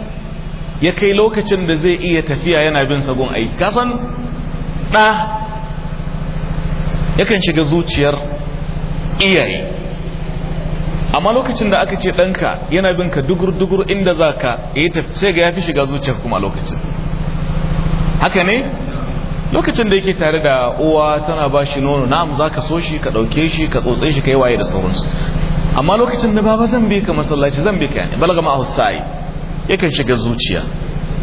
ya kai lokacin da zai iya tafiya yana bin sagon aiki kasan ɗa yakan shiga zuciyar iyaye amma lokacin da aka ce danka yana bin ka dugur-dugur inda za ka ya tafi sai ga ya fi shiga zuciyar kuma lokacin haka ne lokacin da yake tare da uwa tana ba shi nono na'am za ka so shi ka ɗauke shi ka tsotse shi ka yi waye da sauransu amma lokacin da baba zan bi ka masallaci zan bi ka ne ma'a hussai yakan shiga zuciya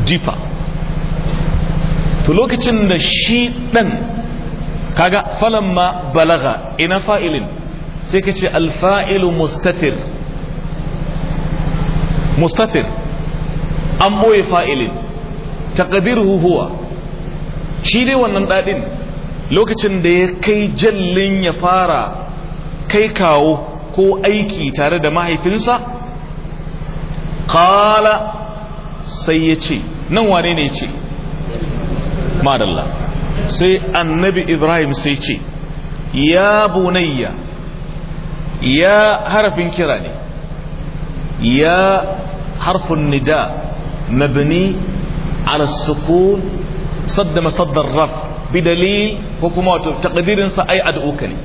jifa to lokacin da shi ɗan kaga falamma balaga ina fa'ilin sai ka ce alfa'ilu mustatir mustatir an ɓoye fa'ilin taƙadiruhu huwa shi dai wannan ɗaɗin lokacin da ya kai jallin ya fara kai kawo ko aiki tare da mahaifinsa qaala sai ya ce nan wane ne ce madalla sai annabi ibrahim sai ce ya bunayya ya harafin kira ne ya harfin nida mabini, ala sukun sadda masaddar raf bi ko kuma wato takdirinsa ai ad'uka ne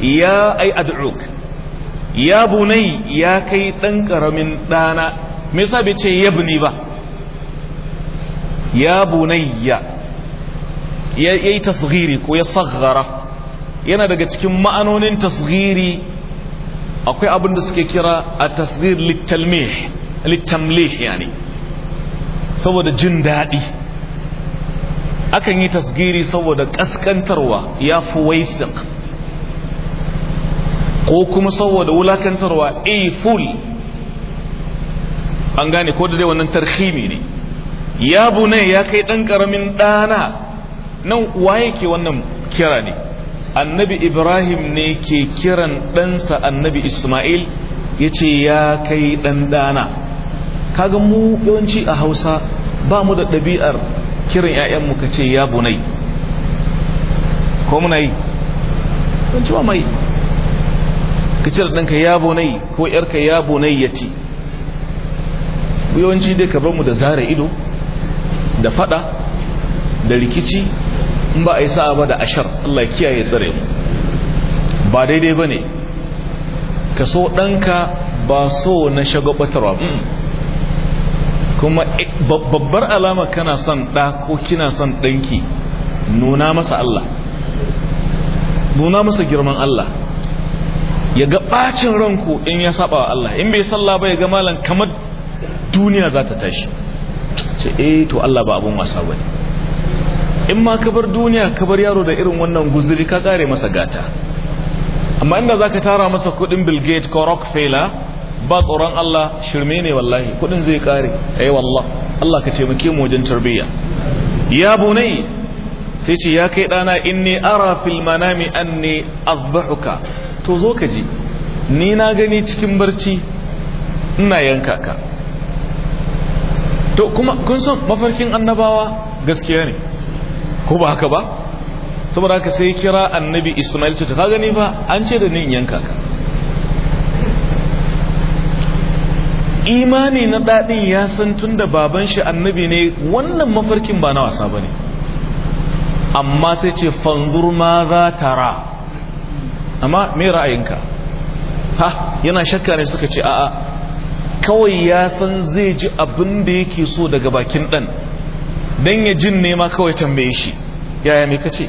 ya ai ad'uk ya bunai ya kai dan karamin dana me yasa bai ce yabni ba ya bunayya ya yi tasgiri ko ya saghara yana daga cikin ma'anonin tasgiri akwai abin da suke kira a tasghir littamleh yani saboda jin daɗi akan yi tasgiri saboda ƙasƙantarwa ya fi waisiq ko kuma saboda wulakantarwa a eh, full an gane ko da dai wannan tarhimi ne ya bu ne ya kai ɗan ƙaramin ɗana nan uwa yake wannan kira ne annabi ibrahim ne ke kiran ɗansa annabi ismail ya ce ya kai ɗanɗana kaga mu yawanci a hausa ba mu da ɗabi'ar kiran 'ya'yanmu ka ce ya bunai ko muna yi don cewa mai ka cire ɗanka ya bunai ko ‘yarka ya bunai ya ce yawanci dai ka bar mu da zara ido da fada da rikici in ba a yi sa'a ba da ashar Allah kiyaye tsare ba daidai ba ne ka so ɗanka ba so na shagabatarwa mm. kuma babbar alama kana son ɗa ko kina son ɗanki nuna masa Allah nuna masa girman Allah ya ga ɓacin ranku in ya saba wa Allah in bai salla ba ya ga malam kamar duniya za ta tashi ce eh to Allah ba abun wasa ba ne in ma ka bar duniya ka bar yaro da irin wannan guzuri ka kare masa gata amma inda zaka tara masa kudin Bill Gates ko Rockefeller ba tsoron Allah shirme ne wallahi kudin zai kare eh wallah Allah ka taimake mu wajen tarbiyya ya bunai sai ce ya kai dana inni ara fil manami anni azbahuka to zo ka ji ni na gani cikin barci ina yanka ka to kuma kun san mafarkin annabawa gaskiya ne ko ba haka ba saboda haka sai kira annabi ismail ce ka gani ba an ce da ni yanka ka imani na daɗin ya san tun da baban shi annabi ne wannan mafarkin ba na wasa ba ne amma sai ce fanzur ma za tara amma me ra'ayinka ha yana shakka ne suka ce a'a kawai ya san zai ji abin da yake so daga bakin ɗan dan ya jin nema kawai tambaye shi yaya me kace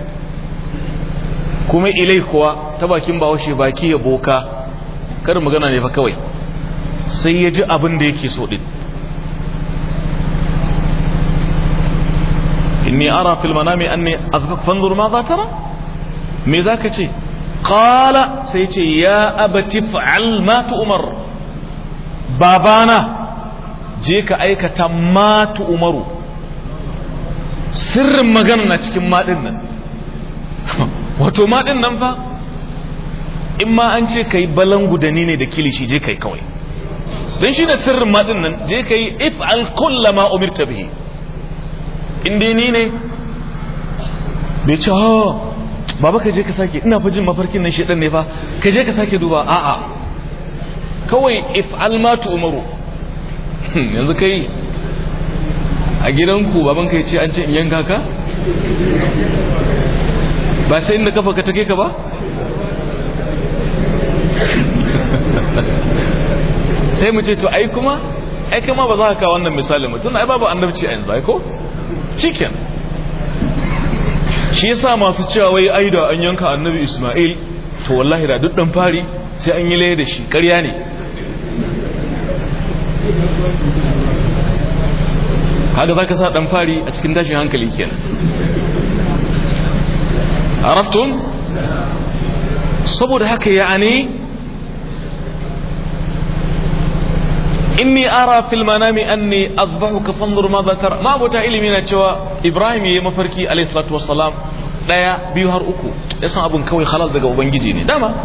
kuma ilai kuwa ta bakin bahaushe baki ya boka karin magana ne fa kawai sai ya ji abin da yake so din inni ara fil manami anni fanzur ma za tara me zaka ce qala sai ce ya abati fa'al ma tu'mar babana je ka aikata ma tu'maru sirrin magana na cikin maɗin nan wato maɗin nan fa in ma an ce ka yi balangu da ne da kilishi je ka yi kawai don shi ne sirrin maɗin nan je ka yi if kulla ma ta bihi inda ni ne bai ce ha baba ka je ka sake ina fa jin mafarkin nan shaɗan ne fa ka je ka sake duba a'a kawai if matu umaru yanzu kai a gidanku baban ka ce an ce in yanka ka ba sai inda kafa ka take ka ba sai mu ce to ai kuma ai kuma ba za ka kawo wannan misalin mutum ai babu annabci a yanzu ai ko chicken shi yasa masu cewa wai ai da an yanka annabi Isma'il to wallahi da duddan fari sai an yi laye da shi ƙarya ne kaga zaka sa dan fari a cikin tashin hankali kenan araftum saboda haka yani inni ara fil manami anni adbahuka fanzur ma tara ma abota ilimi na cewa ibrahim yayi mafarki alayhi salatu wassalam daya biyu har uku yasan abun kawai halal daga ubangiji ne dama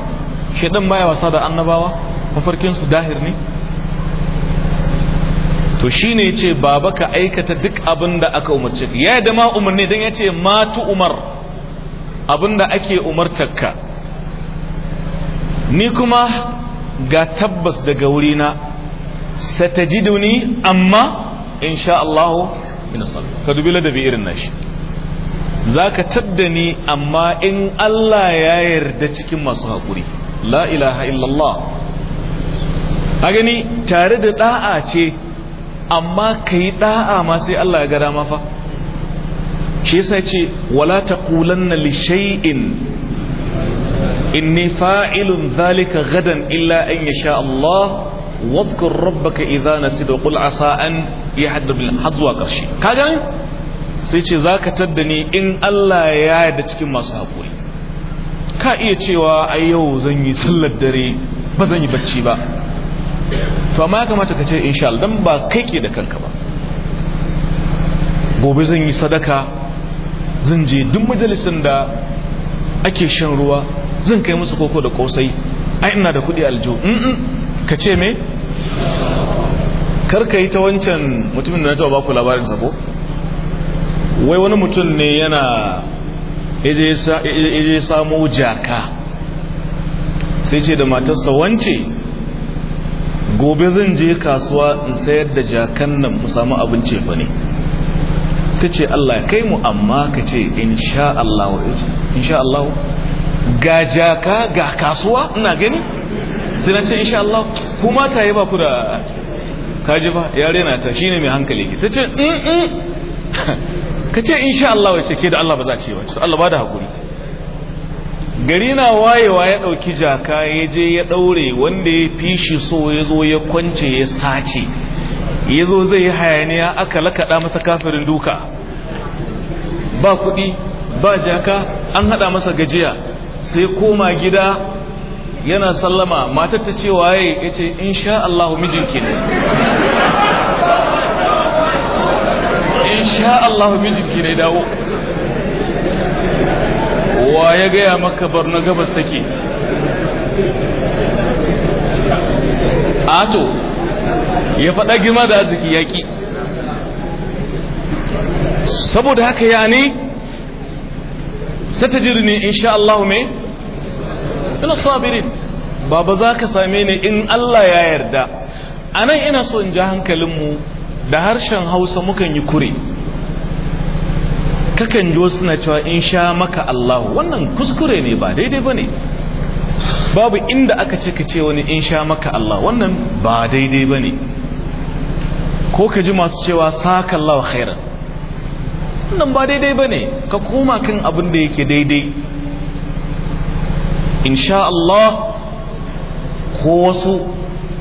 shedan baya wasa da annabawa mafarkin su dahir ne to shine yace baba ka aikata duk abin da aka umarce ka ya da ma umarni dan yace ma tu umar abin da ake ka ni kuma ga tabbas daga wuri wurina satajiduni amma insha Allah ina ka dubi ladabi irin nashi zaka tabda ni amma in Allah ya yarda cikin masu hakuri la ilaha illallah a gani tare da da'a ce amma ka yi ɗa'a ma sai Allah ya ga dama fa shi yasa ce wala taqulanna li shay'in inni fa'ilun zalika gadan illa an yasha Allah wadhkur rabbaka idha nasita qul asa an yahdhar bil hadwa kashi kaga sai ce zaka tadda ni in Allah ya yarda cikin masu hakuri ka iya cewa ai yau zan yi sallar dare ba zan yi bacci ba to amma ya kamata ka ce in Allah ba kai ke da kanka ba gobe zan yi sadaka zan je duk majalisun da ake shan ruwa zan kai musu koko da kosai ai ina da kudi aljo ka ce me karka yi ta wancan mutumin da na taba baku labarin sako wai wani mutum ne yana ya je samo jaka sai ce da matarsa wance gobe zan je kasuwa in sayar da jakan nan mu samu abinci fa ne ta ce Allah ya kai mu amma ka ce insha Allah insha Allah ga jaka ga kasuwa ina gani sai na ce insha Allah kuma ta yi ba ku da kaji ba ya rena ta shine mai hankali ki ta ce in ka ce insha Allah wace ke da Allah ba za ce ba Allah ba da hakuri gari na wayewa ya ɗauki jaka ya je ya ɗaure wanda ya fi shi so ya zo ya kwance ya sace ya zo zai yi hayaniya aka lakaɗa masa kafirin duka ba kuɗi ba jaka an haɗa masa gajiya sai koma gida yana sallama matar ta ce waye ya ce insha Allah mijinki ne insha Allah mijinki ne dawo wa ya gaya maka bar na gabas take ato ya faɗa gima da arziki yaƙi saboda haka ya ne satajirni insha Allah me ila sabirin baba za ka same ni in Allah ya yarda anan ina so in ji hankalinmu da harshen hausa mukan yi kure kakan ji wasu na cewa in sha maka Allah wannan kuskure ne ba daidai ba ne babu inda aka ce ka ce wani in sha maka Allah wannan ba daidai ba ne ko ka ji masu cewa saka Allah khairan wannan ba daidai ba ne ka koma kan abin da yake daidai in sha Allah ko wasu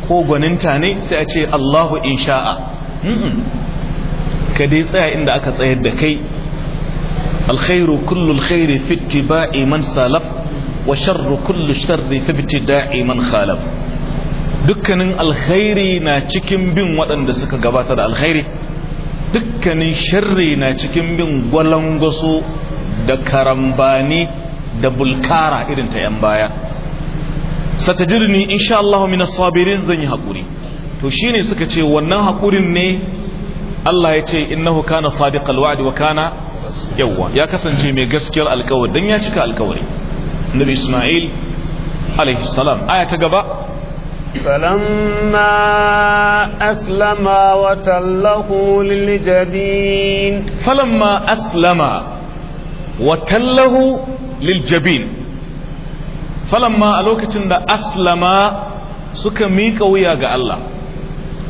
ko gwaninta ne sai a ce Allahu in sha'a ka dai tsaya inda aka tsayar da kai الخير كل الخير في اتباع من سالف وشر كل الشر في ابتداع من خالف dukkanin alkhairi na cikin bin waɗanda suka gabata da alkhairi dukkanin sharri na cikin bin gwalangwaso da karambani da bulkara irin ta 'yan baya satajirni insha Allah min sabirin zan yi hakuri to shine suka ce wannan hakurin ne Allah ya ce innahu kana sadiqal wa'd wa kana yawa ya kasance mai gaskiyar alkawari dan ya cika alkawari nabi isma'il alaihi salam aya ta gaba فلما aslama wa tallahu فلما أسلم Falamma a lokacin da aslama suka miƙa wuya ga Allah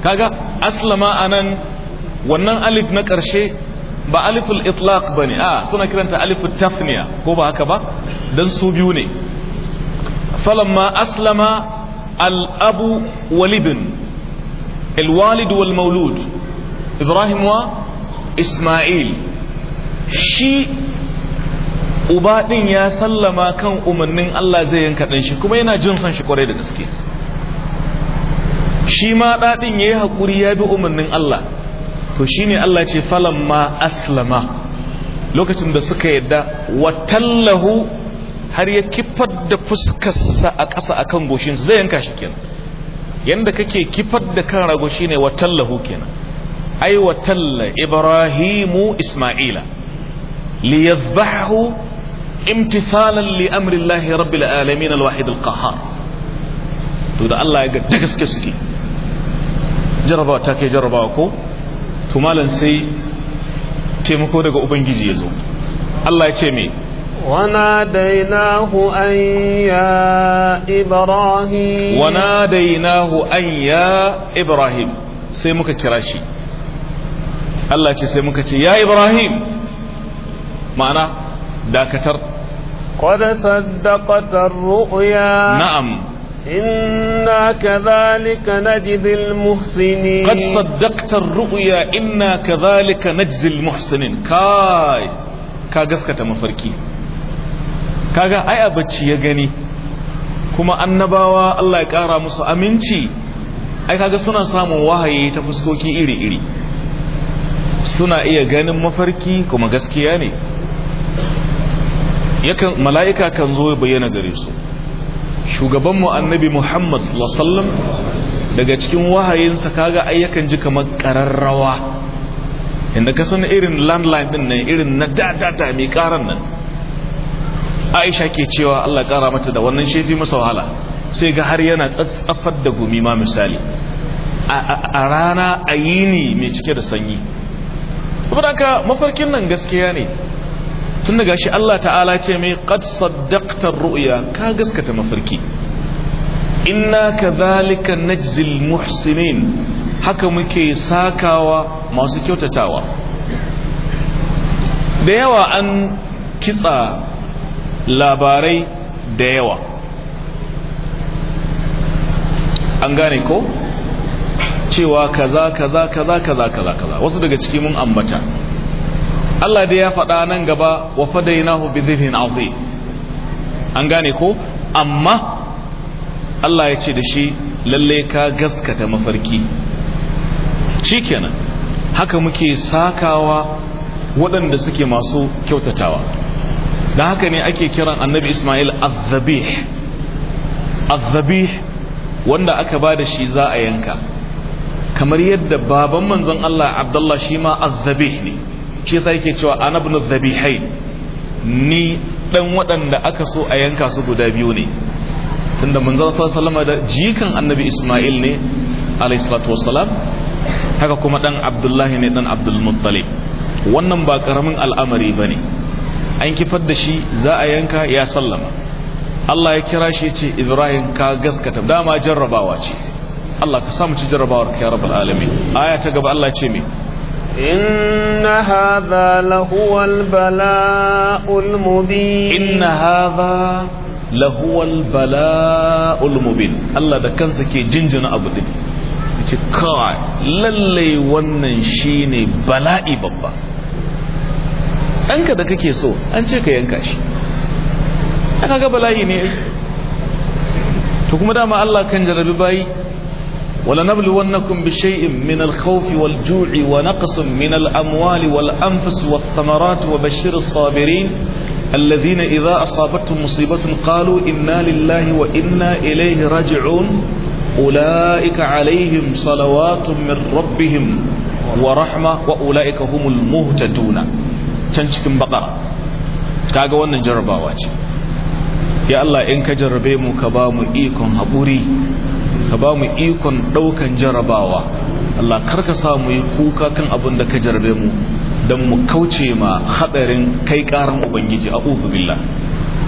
kaga aslama anan wannan alif na ƙarshe ba aliful itlaq bane a ah, suna kiranta aliful tafniya ko ba haka ba dan su biyu ne Falon aslama al-abu walibin al maulud ibrahim wa isma'il shi uba ɗin ya sallama kan umarnin Allah zai yanka din shi kuma yana jin son shi kwarai da gaske shi ma dadin yayi hakuri ya bi umarnin Allah to shi ne Allah ce ma aslama lokacin da suka yadda watallahu har ya kifar da fuskarsa a ƙasa akan goshin zai yanka shi kenan yadda kake kifar da kan rago ne watallahu kenan ai watalla ibrahimu isma'ila liyazbahu imtithalan li amri llahi rabbil alamin alwahid alqahar to da Allah ya ga ta gaske suke jarabawa take jarabawa ko To tumalan sai taimako daga ubangiji ya zo Allah ya ce me. wana dainahu an ya ibrahim wana dainahu an ya ibrahim sai muka kira shi Allah ce sai muka ce ya ibrahim ma'ana dakatar kwada saddakatar ruya. na'am إنا كذلك نجزي المحسنين قد صدقت الرؤيا إنا كذلك نجزي المحسنين كاي كاغسكة مفركي كاغا أي أبتشي يغني كما أنباوا الله يكارا مسو أمنشي أي كاغا سنة سامو وهي تفسكوكي إيري إيري suna iya ganin mafarki kuma gaskiya ne yakan mala'ika kan zo bayyana gare su shugabanmu annabi muhammad sallallahu daga cikin wahayinsa kaga ayyakan ji kamar ƙararrawa inda ka san irin landline din nan irin na data mai karan nan aisha ke cewa allah kara mata da wannan shefi masa wahala sai ga har yana tsatsafar da gumi ma misali a rana ayini mai cike da sanyi saboda ka mafarkin nan gaskiya ne tun daga shi Allah ta'ala ce mai qad saddaqta ru'ya ka gaskata mafarki inna kadhalika najzil muhsinin haka muke sakawa masu kyautatawa da yawa an kitsa labarai da yawa an gane ko cewa kaza kaza kaza kaza kaza kaza wasu daga cikin mun ambata Allah da ya faɗa nan gaba wa fadainahu bi dhibhin azim an gane ko amma Allah ya ce da shi lalle ka gaskata mafarki shikenan haka muke sakawa waɗanda suke masu kyautatawa da haka ne ake kiran annabi Ismail azzabi zabih wanda aka ba da shi za a yanka kamar yadda baban manzon Allah Abdullah shi ma zabih ne shi sai yake cewa ana ibn dhabihai ni dan waɗanda aka so a yanka su guda biyu ne tunda manzo sallallahu da jikan annabi isma'il ne alaihi salatu wassalam haka kuma dan abdullahi ne dan abdul muttalib wannan ba karamin al'amari bane an kifar da shi za a yanka ya sallama Allah ya kira shi ce Ibrahim ka gaskata dama jarrabawa ce Allah ka samu ci jarrabawar ka ya rabbal alamin aya ta gaba Allah ce me إن هذا لهو البلاء المبين إن هذا لهو البلاء المبين الله ده كان سكي جنجن أبو دين ce kawai lallai wannan shine bala'i babba ɗanka da kake so an ce ka yanka shi aka ga bala'i ne to kuma dama Allah kan jarabi bayi ولنبلونكم بشيء من الخوف والجوع ونقص من الأموال والأنفس والثمرات وبشر الصابرين الذين إذا أصابتهم مصيبة قالوا إنا لله وإنا إليه راجعون أولئك عليهم صلوات من ربهم ورحمة وأولئك هم المهتدون تنشكم بقرة kaga wannan jarrabawa ce ya Allah in ka jarrabe mu ka ba mu ikon haƙuri ka ba mu ikon ɗaukan jarabawa Allah karka sa mu yi kuka kan abin da ka jarabe mu don mu kauce ma hadarin kai karan ubangiji a billah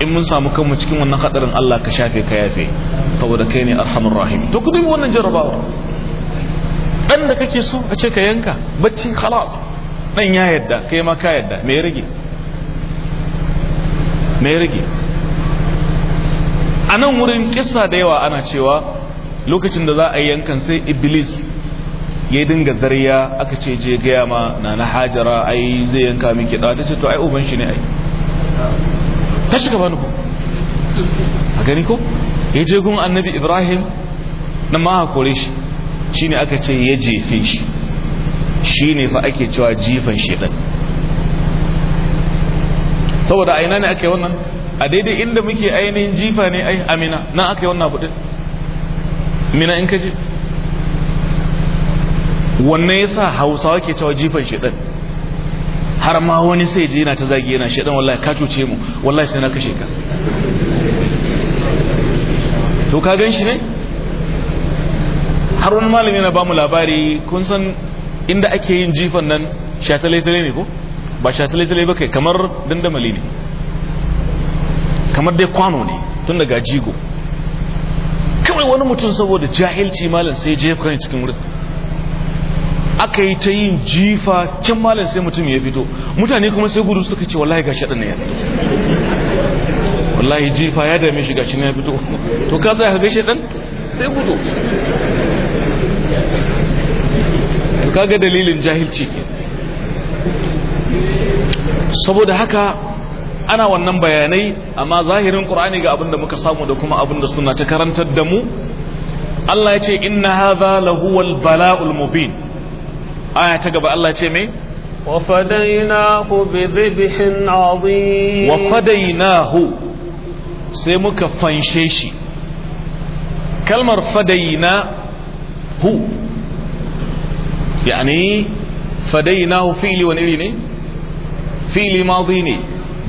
in mun samu kanmu cikin wannan hadarin Allah ka shafe ka yafe saboda kai ne arhamar rahim to ku wannan jarabawa dan da kake so a ce ka yanka bacci khalas dan ya yadda kai ma ka yadda me rage me rage a nan wurin kissa da yawa ana cewa lokacin da za a yankan sai iblis ya dinga zariya aka ce je gaya ma na na hajara yi zai yanka min kiɗa ta ce to ai uban shi ne ai ta shiga ba ku a gani ko ya je gun annabi ibrahim na ma kore shi shi ne aka ce ya jefe shi shi ne fa ake cewa jifan shedan saboda aina ne ake wannan a daidai inda muke ainihin jifa ne ai amina nan aka yi wannan budin mina in ka ji wannan yasa hausawa ke cewa jifan shedan har ma wani sai je yana ta zagi yana shedan wallahi ka cuce mu wallahi sai na kashe ka to ka gan shi ne har wani malami yana ba mu labari kun san inda ake yin jifan nan shatale-tale ne ko ba shatale-tale ba kai kamar dandamali ne kamar dai kwano ne tun daga jigo kawai wani mutum saboda jahilci malam sai jefa kan cikin wurin aka yi ta yin jifa can malam sai mutum ya fito mutane kuma sai gudu suka ce wallahi gashi shaɗin ya wallahi jifa ya dame shi gashi ya fito to ka tsaya ka gaishe ɗan sai gudu to kaga dalilin jahilci saboda haka ana wannan bayanai amma zahirin qur'ani ga abinda muka samu da kuma abinda suna ta karantar da mu Allah ya ce inna hadha lahuwal bala'ul mubin aya ta gaba Allah ya ce me Wa wafadainahu bidhibhin adhim wafadainahu sai muka fanshe shi kalmar fadaina hu yani fadainahu fi'li wani iri ne fi'li madi ne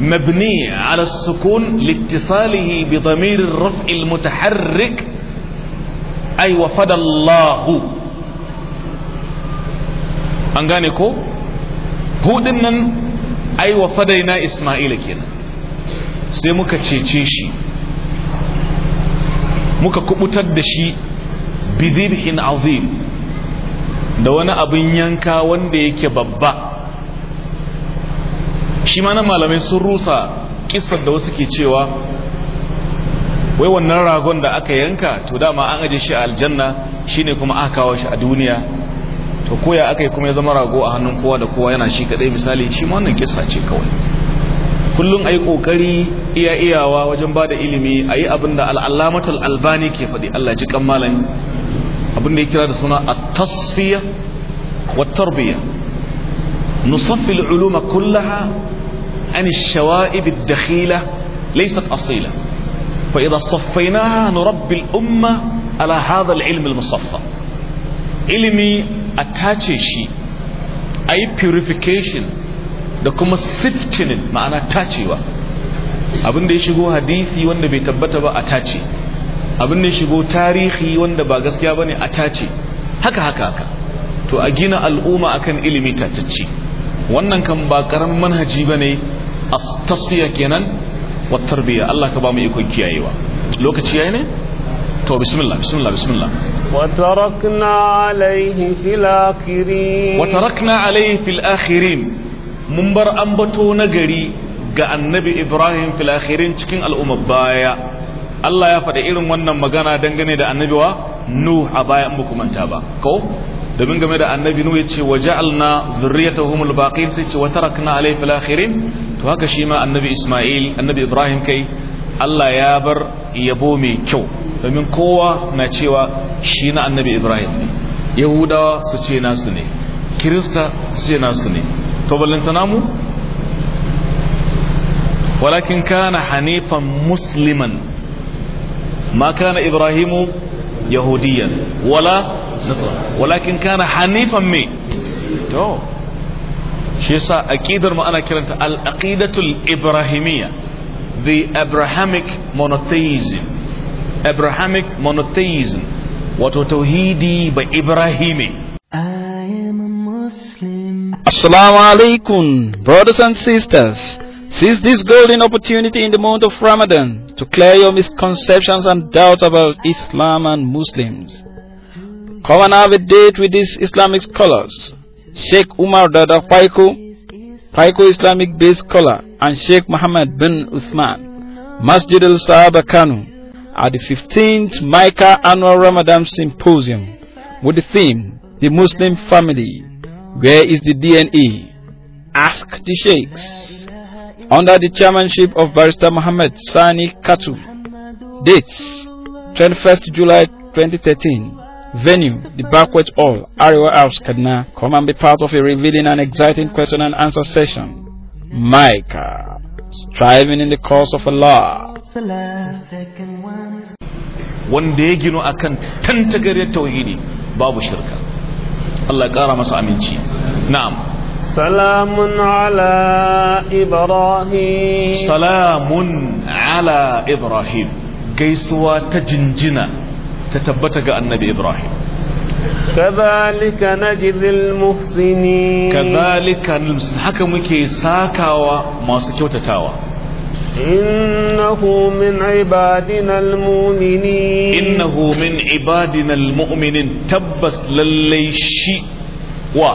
مبني على السكون لاتصاله بضمير الرفع المتحرك أي وفد الله أنغانيكو هو دنن أي وفدينا إسماعيل كينا سيمك تشيشي muka kubutar da shi bidhibhin azim da wani abin yanka wanda yake babba shi ma nan malamai sun rusa kisar da wasu ke cewa wai wannan ragon da aka yanka to dama an aje shi a aljanna shine kuma aka kawo shi a duniya to koya aka yi kuma ya zama rago a hannun kowa da kowa yana shi kadai misali shi ma wannan ce kawai kullum ayi kokari iya iyawa wajen bada ilimi ayi abin da al'allamatul albani ke faɗi Allah ji kan malami abin da ya kira da suna at-tasfiya wa tarbiya nusaffi al kullaha عن الشوائب الدخيلة ليست أصيلة فإذا صفيناها نربي الأمة على هذا العلم المصفى ilimi a tace shi a yi purification da kuma siftening ma'ana tacewa abinda ya shigo hadisi wanda bai tabbata ba a tace da ya shigo tarihi wanda ba gaskiya ba ne a tace haka haka haka to a gina al'umma akan ilimi tatacce wannan kan ba karamin manhaji ba ne tasfiya kenan wa tarbiya Allah ka ba mu ikon kiyayewa lokaci yayi ne to bismillah bismillah bismillah وتركنا عليه في الآخرين وتركنا عليه في الآخرين منبر أنبتو nagari ga annabi Ibrahim fil akhirin cikin al'umma baya Allah ya faɗa irin wannan magana dangane da annabi wa Nuh a baya an muku manta ba ko domin game da annabi Nuh yace waja'alna dhurriyyatahum al-baqin sai ce wa tarakna alayhi fil akhirin to haka shi ma annabi ismail annabi ibrahim kai allah ya bar yabo mai kyau domin kowa na cewa shi na annabi ibrahim ne yahudawa su ce nasu ne kirista su ce nasu ne to ballantana mu walakin kana hanifan musliman ma kana ibrahimu yahudiyan wala nasara walakin kana hanifan me to shi yasa aqidar mu ana kiranta al-aqidatul ibrahimiyya the abrahamic monotheism abrahamic monotheism wato tauhidi ba ibrahimi assalamu alaikum brothers and sisters seize this golden opportunity in the month of ramadan to clear your misconceptions and doubts about islam and muslims come and have a date with these islamic scholars Sheikh Umar Dada Faiko, Faiko Islamic based scholar, and Sheikh Muhammad bin Uthman, Masjid al Sahaba Kanu, at the 15th Micah Annual Ramadan Symposium with the theme The Muslim Family Where is the DNA? Ask the Sheikhs. Under the chairmanship of Barrister Muhammad Sani Katu. Dates 21st July 2013 venue, the banquet hall, Ariwa House, Kaduna. Come and be part of a revealing and exciting question and answer session. Micah, striving in the cause of Allah. One day, you know, I can tauhidi babu shirka. Allah ya kara masa aminci. Na'am. سلام على إبراهيم Ibrahim. على إبراهيم Ibrahim. ta jinjina ta tabbata ga annabi ibrahim kazalika najzil muhsinin kazalika haka muke sakawa masu kyautatawa innahu min ibadina innahu min ibadina almu'minin tabbas lallai shi wa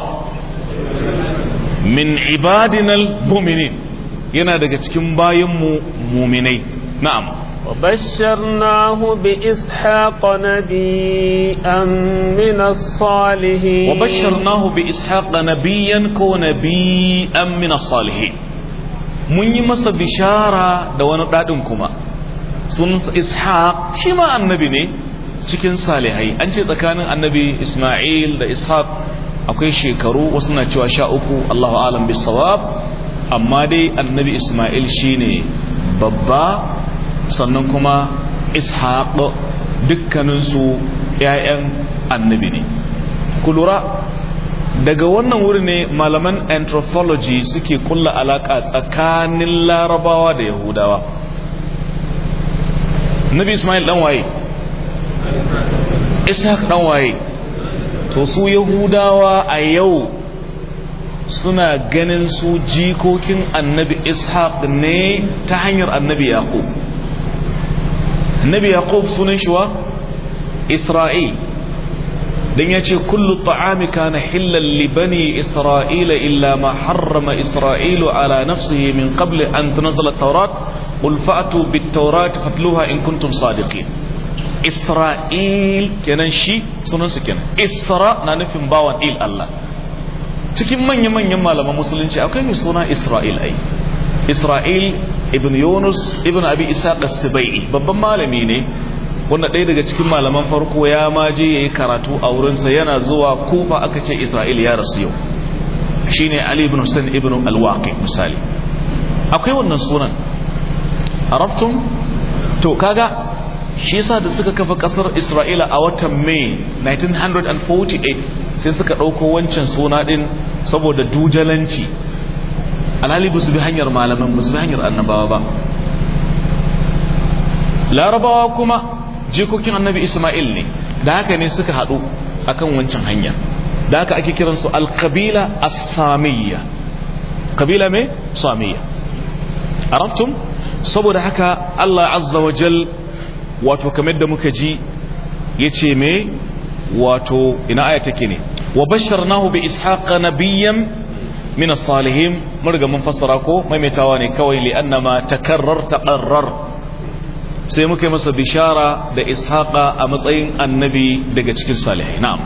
min ibadina almu'minin yana daga cikin bayanmu muminai na'am وبشرناه بإسحاق نبيا من الصالحين وبشرناه بإسحاق نبيا كنبيا من الصالحين mun yi masa bishara da wani ɗaɗin kuma sun ishaq shi ma annabi ne cikin salihai an ce tsakanin annabi isma'il da ishaq akwai shekaru wasu na cewa sha uku allahu alam bisawab amma dai annabi isma'il shine babba sannan kuma ishaq dukkaninsu ‘ya'yan annabi ne kulura daga wannan wuri ne malaman anthropology suke kulla alaka tsakanin larabawa da yahudawa nabi ismail dan waye ishaq dan waye to su yahudawa a yau suna ganin su jikokin annabi ishaq ne ta hanyar annabi yaqub annabi yaqub sunan shi wa isra'il dan yace kullu ta'ami kana hillan li bani isra'ila illa ma harrama isra'ilu ala nafsihi min qabli an tunzila at-taurat qul fa'tu bit-taurat fatluha in kuntum sadiqin isra'il kenan shi sunansa kenan isra na nufin bawan il Allah cikin manya-manyan malaman musulunci akwai mai suna isra'il ai isra'il ibn yunus ibn abi isaq as Siba'i, babban malami ne wanda ɗaya daga cikin malaman farko ya ma je yayi karatu a wurinsa yana zuwa kufa aka ce isra'il ya rasu yau shine ali ibn husain ibn al-waqi misali akwai wannan sunan arabtum to kaga shi yasa da suka kafa kasar isra'ila a watan may 1948 sai suka ɗauko wancan suna ɗin saboda dujalanci alhali ba su bi hanyar malaman ba su bi hanyar annabawa ba larabawa kuma jikokin annabi isma'il ne da haka ne suka haɗu akan wancan hanya da haka ake kiransu alkabila asamiyya kabila mai samiyya arabtum saboda haka allah azza wa jal wato kamar da muka ji ya ce mai wato ina aya take ne wa bashar nahu bi ishaqa nabiyyan من الصالحين مرجع منفصل أكو ما يتواني كوي لأنما تكرر تقرر سيموك مس بشارة بإسحاق أمزين النبي دقشك صالح نعم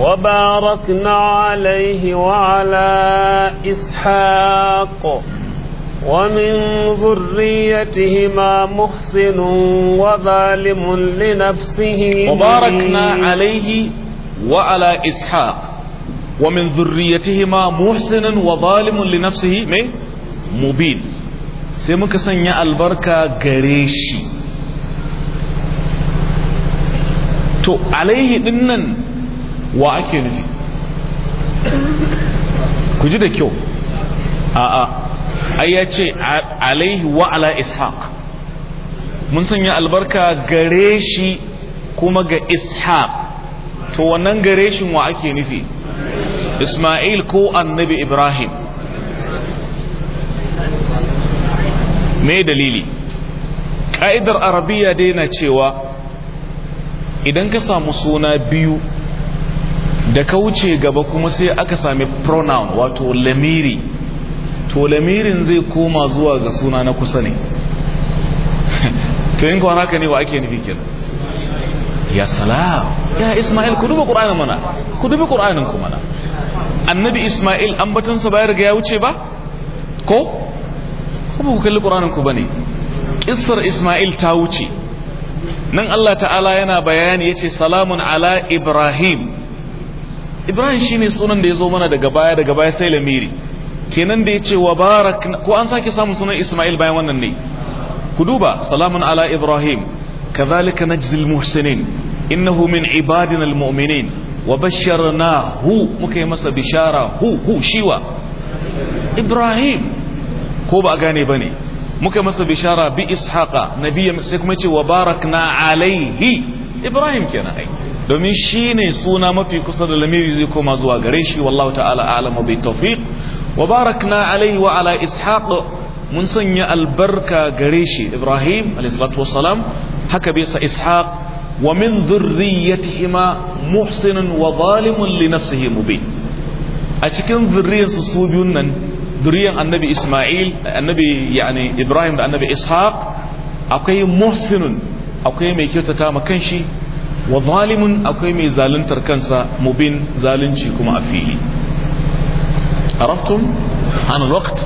وباركنا عليه وعلى إسحاق ومن ذريتهما محسن وظالم لنفسه وباركنا عليه وعلى إسحاق wa min zurriyatihima muhsinan wa zalimun li nafsihi mai mubin sai muka sanya albarka gare shi to alaihi dinnan wa ake nufi ku ji da kyau a'a ai ya ce alaihi wa ala ishaq mun sanya albarka gare shi kuma ga ishaq to wannan gare shi wa ake nufi isma'il ko annabi ibrahim me dalili ƙa'idar arabiya dai na cewa idan ka samu suna biyu da ka wuce gaba kuma sai aka sami pronoun wato lamiri to lamirin zai koma zuwa ga suna na kusa ne to yin kwan haka ne wa ake nufi kenan ya salam ya ismail ku duba ƙur'anin mana ku dubi ƙur'anin ku mana annabi ismail ambatansa bayar ga ya wuce ba ko kuma ku kalli ƙuranin ba ne? ƙissar ismail ta wuce nan allah ta'ala yana bayani ya ce salamun ala ibrahim ibrahim shine sunan da ya zo mana daga baya daga baya sai lamiri kenan da ya ce wa barak ko an sake samun sunan ismail bayan wannan ne ku duba salamun ala ibrahim kazalika najzil muhsinin innahu min ibadina almu'minin wa basharna hu muka masa bishara hu hu shiwa ibrahim ko ba a gane ba ne muka masa bishara bi ishaqa nabiyya sai kuma ce wa ibrahim kenan domin shine suna mafi kusa da lamiri zai koma zuwa gare shi wallahu ta'ala a'lamu bi tawfiq wa barakna alaihi wa ala ishaq mun sanya albarka gare shi ibrahim alayhi salatu wassalam haka bisa ishaq ومن ذريتهما محسن وظالم لنفسه مبين أتكن ذرية سوبيون ذرية النبي إسماعيل النبي يعني إبراهيم النبي إسحاق أكي محسن أكي ميكيو تتام كنشي وظالم أكي مي زالن تركنسا مبين زالن شيكما أفيلي عرفتم عن الوقت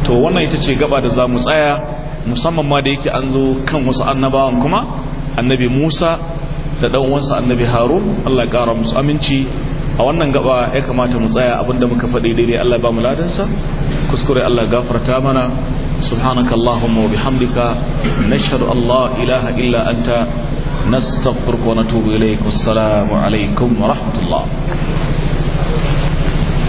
to wannan ita ce gaba da za mu tsaya musamman ma da yake an zo kan wasu annabawan kuma annabi musa da ɗan'uwansa annabi harun allah ƙara musu aminci a wannan gaba ya kamata mu tsaya abinda muka faɗi daidai allah ba mu ladansa kuskure allah gafarta mana subhanaka allahumma wa allah ilaha illa anta nastaghfiruka wa natubu ilaykum assalamu alaykum wa rahmatullah